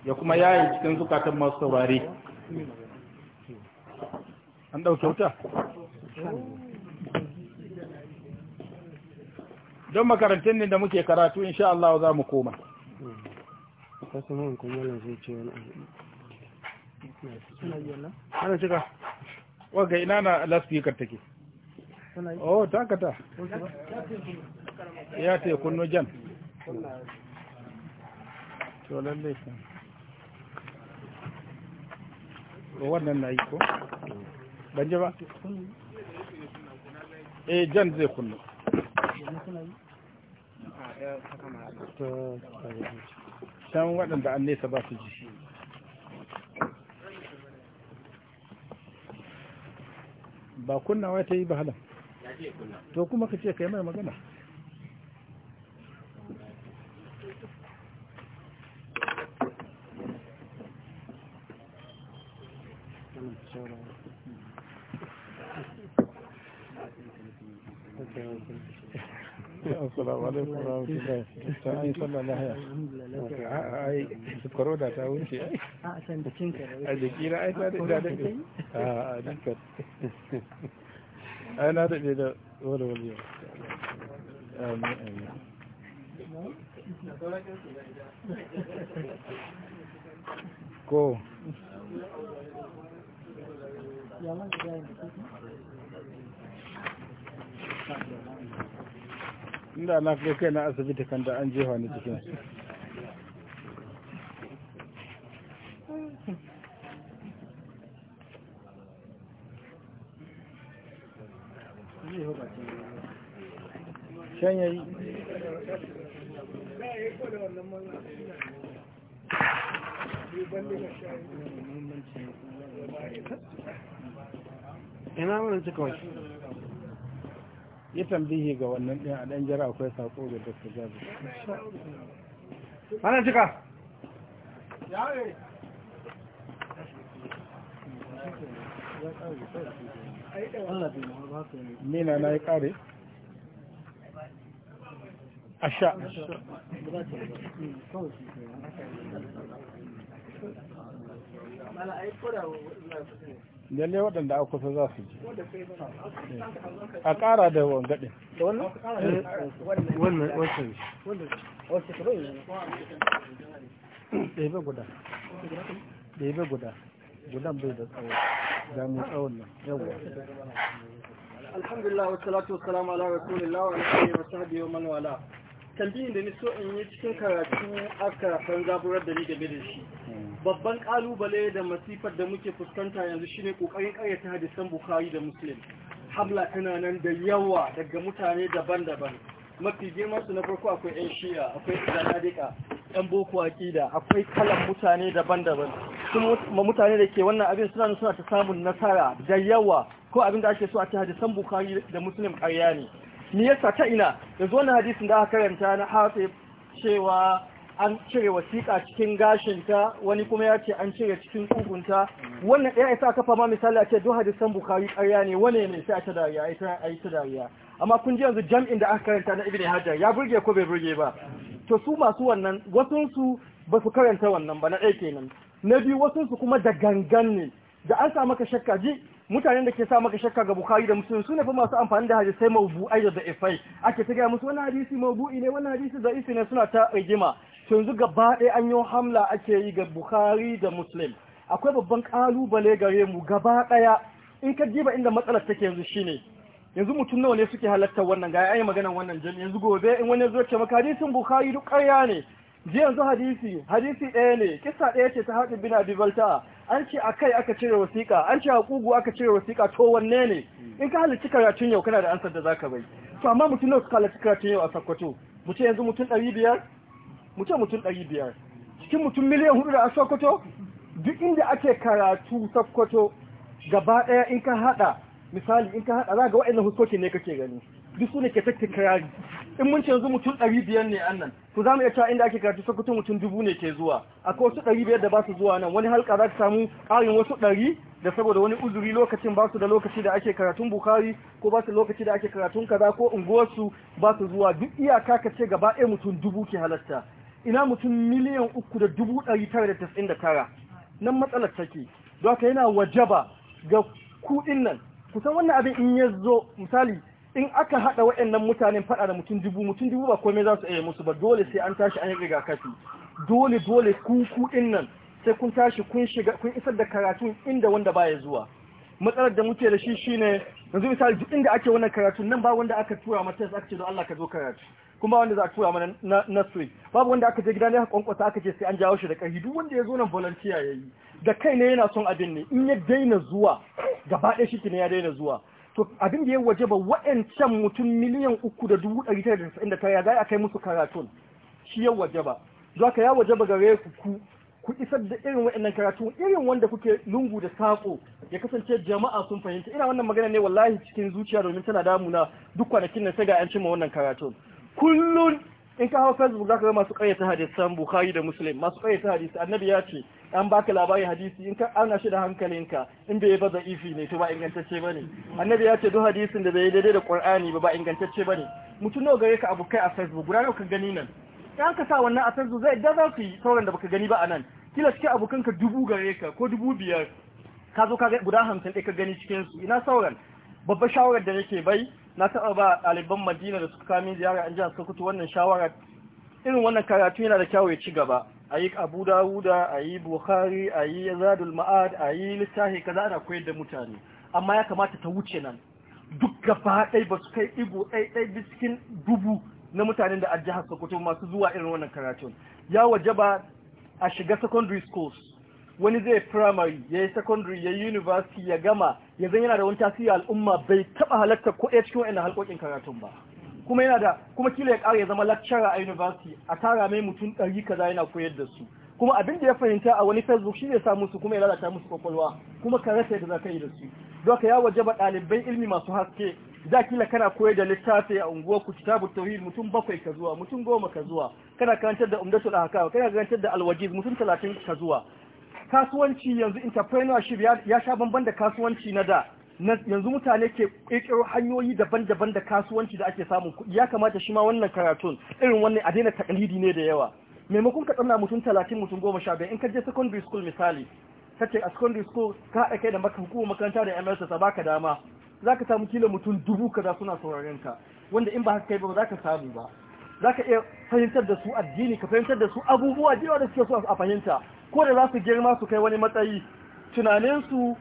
ya kuma yayi cikin zukatan masu saurari an dauke wuta don makarantun ne da muke karatu insha Allah za mu koma ana cika waka ina na laspikar take oh takata ya ta kunno jan wannan na yi ko banje ba eh jan zai kunno can waɗanda an nesa ba su ji ba kunnawa ta yi ba halin? to kuma ka ce ka yi mai magana assalamu alaikum wa rahmatullahi ta sallah lahiya ai da ta wuce a san da cinka a jiki na ai ta da a jinka ai na da da amin amin ko inda na kai kai na asibiti kan da an jefa ni cikin can yayi ina wurin cikin wasu yi tambihi ga wannan ɗin a ɗan jira akwai saƙo ga dr jabi ana cika mina na yi ƙare a sha jalle waɗanda aka kusa za su ji a ƙara da wangaɗin gaɗe wannan wancan ɗaibe guda ɗaibe guda gudan bai da tsawo ga mai tsawon nan yawwa alhamdulillah wa salatu wa salamu ala rasulillah wa alihi wa sahbihi wa man wala tambayin da ni so in yi cikin karatu aka san zaburar da ni game da shi babban kalubale da masifar da muke fuskanta yanzu shine kokarin kayyata hadisan bukhari da muslim habla tana nan da yawa daga mutane daban-daban mafi girman su na farko akwai yan shi'a akwai zanadika yan boko akida akwai kalan mutane daban-daban kuma mutane da ke wannan abin suna suna ta samun nasara da yawa ko abin da ake so a ta hadisan bukhari da muslim karya ne me yasa ta ina yanzu wannan hadisin da aka karanta na hafi cewa an cire wasiƙa cikin gashinta wani kuma ya ce an cire cikin kugunta wannan ɗaya isa aka fama misali a ce duk hadisan bukari ƙarya ne wane ne sai a ta dariya a yi ta dariya amma kun ji yanzu jam'in da aka karanta na ibn hajar ya burge ko bai burge ba to su masu wannan wasunsu ba su karanta wannan ba na ɗaya kenan na biyu wasunsu kuma da gangan ne da an sa maka shakka ji mutanen da ke sa maka shakka ga bukari da musulun su ne fa masu amfani da hadisai mabu'ai da da'ifai ake ta gaya musu wani hadisi mabu'i ne wani hadisi da'ifi ne suna ta rigima yanzu gaba ɗaya an yi hamla ake yi ga Bukhari da Muslim akwai babban kalubale gare mu gaba ɗaya in ka jiba inda matsalar take yanzu shine yanzu mutum nawa ne suke halartar wannan ga yi magana wannan jami yanzu gobe in wani zo ce maka hadisin Bukhari duk ƙarya ne ji yanzu hadisi hadisi ɗaya ne kisa ɗaya ce ta haɗin bin Abi Balta an ce a kai aka cire wasiƙa an ce a kugu aka cire wasiƙa to wanne ne in ka halarci karatun yau kana da ansar da zaka bai to amma mutum nawa suka halarci karatun yau a Sokoto mutum yanzu mutum ɗari biyar mu ce mutum ɗari biyar cikin mutum miliyan hudu da a sokoto duk inda ake karatu sokoto gaba ɗaya in ka haɗa misali in ka haɗa za ga waɗannan huskoki ne kake gani duk su ne ke tattin kirari in mun canzu yanzu mutum ɗari biyar ne annan to za mu iya cewa inda ake karatu sokoto mutum dubu ne ke zuwa akwai wasu ɗari biyar da ba su zuwa nan wani halka za ta samu ƙarin wasu ɗari da saboda wani uzuri lokacin ba su da lokaci da ake karatun bukari ko ba su lokaci da ake karatun kaza ko unguwarsu ba su zuwa duk iyaka ka ce gaba ɗaya mutum dubu ke halarta ina mutum miliyan uku da dubu ɗari tara da tasirin da tara nan matsalar take don ka yana wajaba ga kuɗin nan kusan wannan abin in ya zo misali in aka haɗa waɗannan mutanen faɗa da mutum dubu mutum dubu ba komai za su iya musu ba dole sai an tashi an yi rigakafi dole dole ku kuɗin nan sai kun tashi kun shiga kun isar da karatun inda wanda baya zuwa matsalar da muke da shi shine yanzu misali duk inda ake wannan karatun nan ba wanda aka tura mata ake ce don Allah ka zo karatu kuma wanda za a tura mana na street babu wanda aka je gida ne kwankwasa aka ce sai an jawo shi da ƙarfi duk wanda ya zo nan volunteer ya yi da kai ne yana son abin ne in ya daina zuwa gaba ɗaya shi ne ya daina zuwa to abin da ya waje ba waɗancan mutum miliyan uku da dubu ɗari tara da tasa'in da tara ya zai a kai musu karatun shi ya waje ba za ka ya waje ba gare ku ku ku isar da irin waɗannan karatu irin wanda kuke lungu da saƙo ya kasance jama'a sun fahimta ina wannan magana ne wallahi cikin zuciya domin tana damuna duk kwanakin nan sai ga an cimma wannan karatun kullun in ka hau facebook ka ga masu kayyata hadisan bukhari da muslim masu kayyata hadisi annabi ya ce an baka labarin hadisi in ka ana shi da hankalinka in bai ba za'ifi ne to ba ingantacce ba ne annabi ya ce duk hadisin da bai daidai da ƙur'ani ba ba ingantacce ne mutum nawa gare ka abokai a facebook guda nawa ka gani nan in ka sa wannan a facebook zai da za su yi sauran da baka gani ba a nan kila cikin abokanka dubu gare ka ko dubu biyar ka zo ka guda hamsin ɗaya ka gani cikin su ina sauran babbar shawarar da nake bai na taɓa ba ɗaliban madina da suka kami ziyara an jihar sokoto wannan shawara irin wannan karatu yana da kyawu ya ci gaba a yi abu dawuda a yi buhari a yi zadul ma'ad a yi littafi kaza ana koyar da mutane amma ya kamata ta wuce nan duk gaba ɗai ba su kai igo ɗai ɗai cikin dubu na mutanen da a jihar sokoto masu zuwa irin wannan karatun ya wajaba a shiga secondary schools wani zai primary ya yi secondary ya yi university ya gama ya zan yana da wani tasiri al'umma bai taba halatta ko ɗaya cikin wa'annan halƙoƙin karatun ba kuma yana da kuma kila ya ƙara ya zama lecturer a university a tara mai mutum ɗari kaza yana koyar da su kuma abin da ya fahimta a wani facebook shi ne sa musu kuma ya lalata musu kwakwalwa kuma ka rasa yadda za ka yi da su don ka ya jaba ɗalibai ilmi masu haske za kila kana koyar da littafi a unguwar ku kitabu tauhid mutum bakwai ka zuwa mutum goma ka zuwa kana karantar da umdatul ahkam kana karantar da alwajiz mutum talatin ka zuwa kasuwanci yanzu entrepreneurship ya sha bamban da kasuwanci na da yanzu mutane ke ƙirƙiro hanyoyi daban-daban da kasuwanci da ake samun kuɗi ya kamata shi ma wannan karatun irin wannan a daina takalidi ne da yawa maimakon ka tsanna mutum talatin mutum goma sha biyar in ka je secondary school misali ka ce a secondary school ka haɗa kai da maka hukumar makaranta da mls ta baka dama za ka samu kila mutum dubu kaza suna sauraren ka wanda in ba haka kai ba za ka samu ba za ka iya fahimtar da su addini ka fahimtar da su abubuwa da yawa da suke so a fahimta ko da za su girma su kai wani matsayi tunaninsu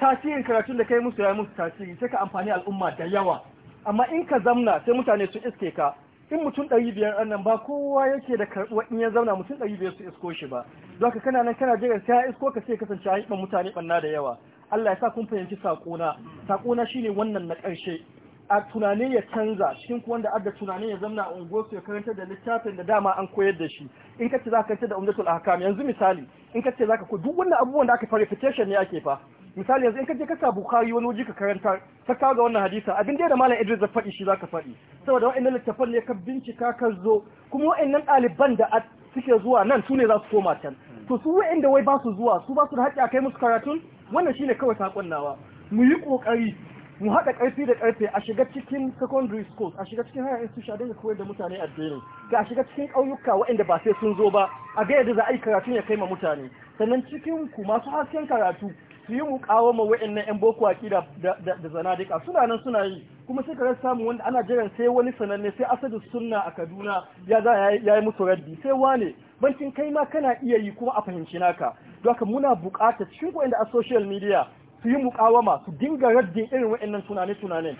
tasirin karatun da kai musu ya musu tasiri sai ka amfani al'umma da yawa amma in ka zamna sai mutane su iske ka in mutum ɗari biyar an nan ba kowa yake da karɓuwa in ya zauna mutum ɗari biyar su isko shi ba za ka kana nan kana jiran sai isko ka sai kasance a mutane ɓanna da yawa Allah ya sa kun fahimci saƙona saƙona shine wannan na ƙarshe a tunanin ya canza cikin kuwan da adda tunanin ya zamna ungo su ya karanta da littafin da dama an koyar da shi in kace za ka karanta da umdatul ahkam yanzu misali in kace za ka ko duk wannan abubuwan da aka fara repetition ne ake fa misali yanzu in kace ka sa bukhari wani waje ka karanta ka kawo ga wannan hadisa abin da malam idris da faɗi shi za ka faɗi saboda wa'annan littafan ne ka bincika ka zo kuma wa'annan daliban da suke zuwa nan su ne za su koma can to su wa'anda wai ba su zuwa su ba su da haƙƙi a kai musu karatun wannan shine kawai sakon nawa mu yi ƙoƙari mu haɗa ƙarfi da ƙarfe a shiga cikin secondary schools a shiga cikin higher institution a dinga koyar da mutane addini ga a shiga cikin ƙauyuka waɗanda ba sai sun zo ba a ga yadda za a yi karatu ya kai ma mutane sannan cikin ku masu hasken karatu su yi muƙawa ma waɗannan 'yan boko aƙida da zanadika suna nan suna yi kuma sai ka samu wanda ana jiran sai wani sananne sai asadu sunna a kaduna ya za ya yi musu raddi sai wane bancin kai ma kana iya yi kuma a fahimci naka don muna buƙatar cikin waɗanda a social media su yi mukawama su dinga raddin irin wa'annan tunane-tunanen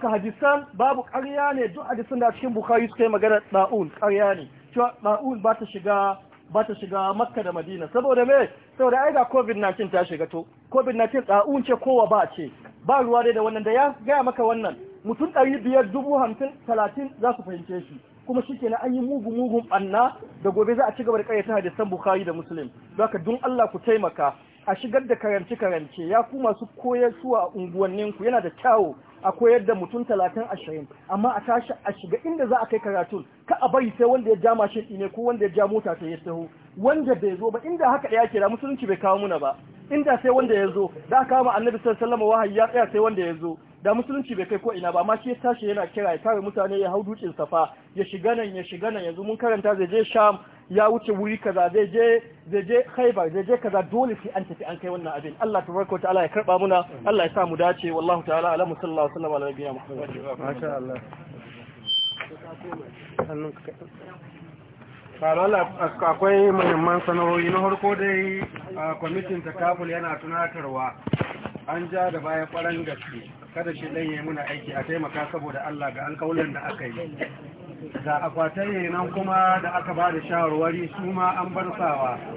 ka hadisan babu ƙarya ne duk hadisan da cikin bukari suka yi magana ɗa'un ƙarya ne cewa ɗa'un ba ta shiga ba ta shiga makka da madina saboda me saboda ai ga covid-19 ta shiga to covid-19 ɗa'un ce kowa ba ce ba ruwa dai da wannan da ya gaya maka wannan mutum ɗari biyar dubu hamsin talatin za su fahimce shi kuma shi kenan an yi mugun mugun ɓanna da gobe za a ci gaba da ƙayyata hadisan bukari da musulun muslim ka don allah ku taimaka a shigar da karance-karance ya ku masu koyar suwa a unguwanninku yana da kyawo a koyar da mutum talatin ashirin amma a tashi a shiga inda za a kai karatun ka a bari sai wanda ya ja mashin ne ko wanda ya ja mota ta ya taho wanda bai zo ba inda haka ya kira musulunci bai kawo muna ba inda sai wanda ya zo da kama annabi sallallahu alaihi wahayi ya tsaya sai wanda ya zo da musulunci bai kai ko ina ba amma shi ya tashi yana kira ya tare mutane ya hau dutsen safa ya shiga nan ya shiga nan yanzu mun karanta zai je sham ya wuce wuri kaza zai je zai je Khaibar zai je kaza dole sai an tafi an kai wannan abin Allah tabaraka ta'ala ya karba muna Allah ya sa mu dace wallahu ta'ala ala sallallahu alaihi wa sallam ala nabiyina Muhammad masha Allah akwai muhimman sanarori na harko dai a kwamitin takaful yana tunatarwa an ja da baya kwaran gaske kada shi dan yayi muna aiki a taimaka saboda Allah ga alƙawlan da aka yi da akwatai nan kuma da aka ba da shawarwari su ma an bar sawa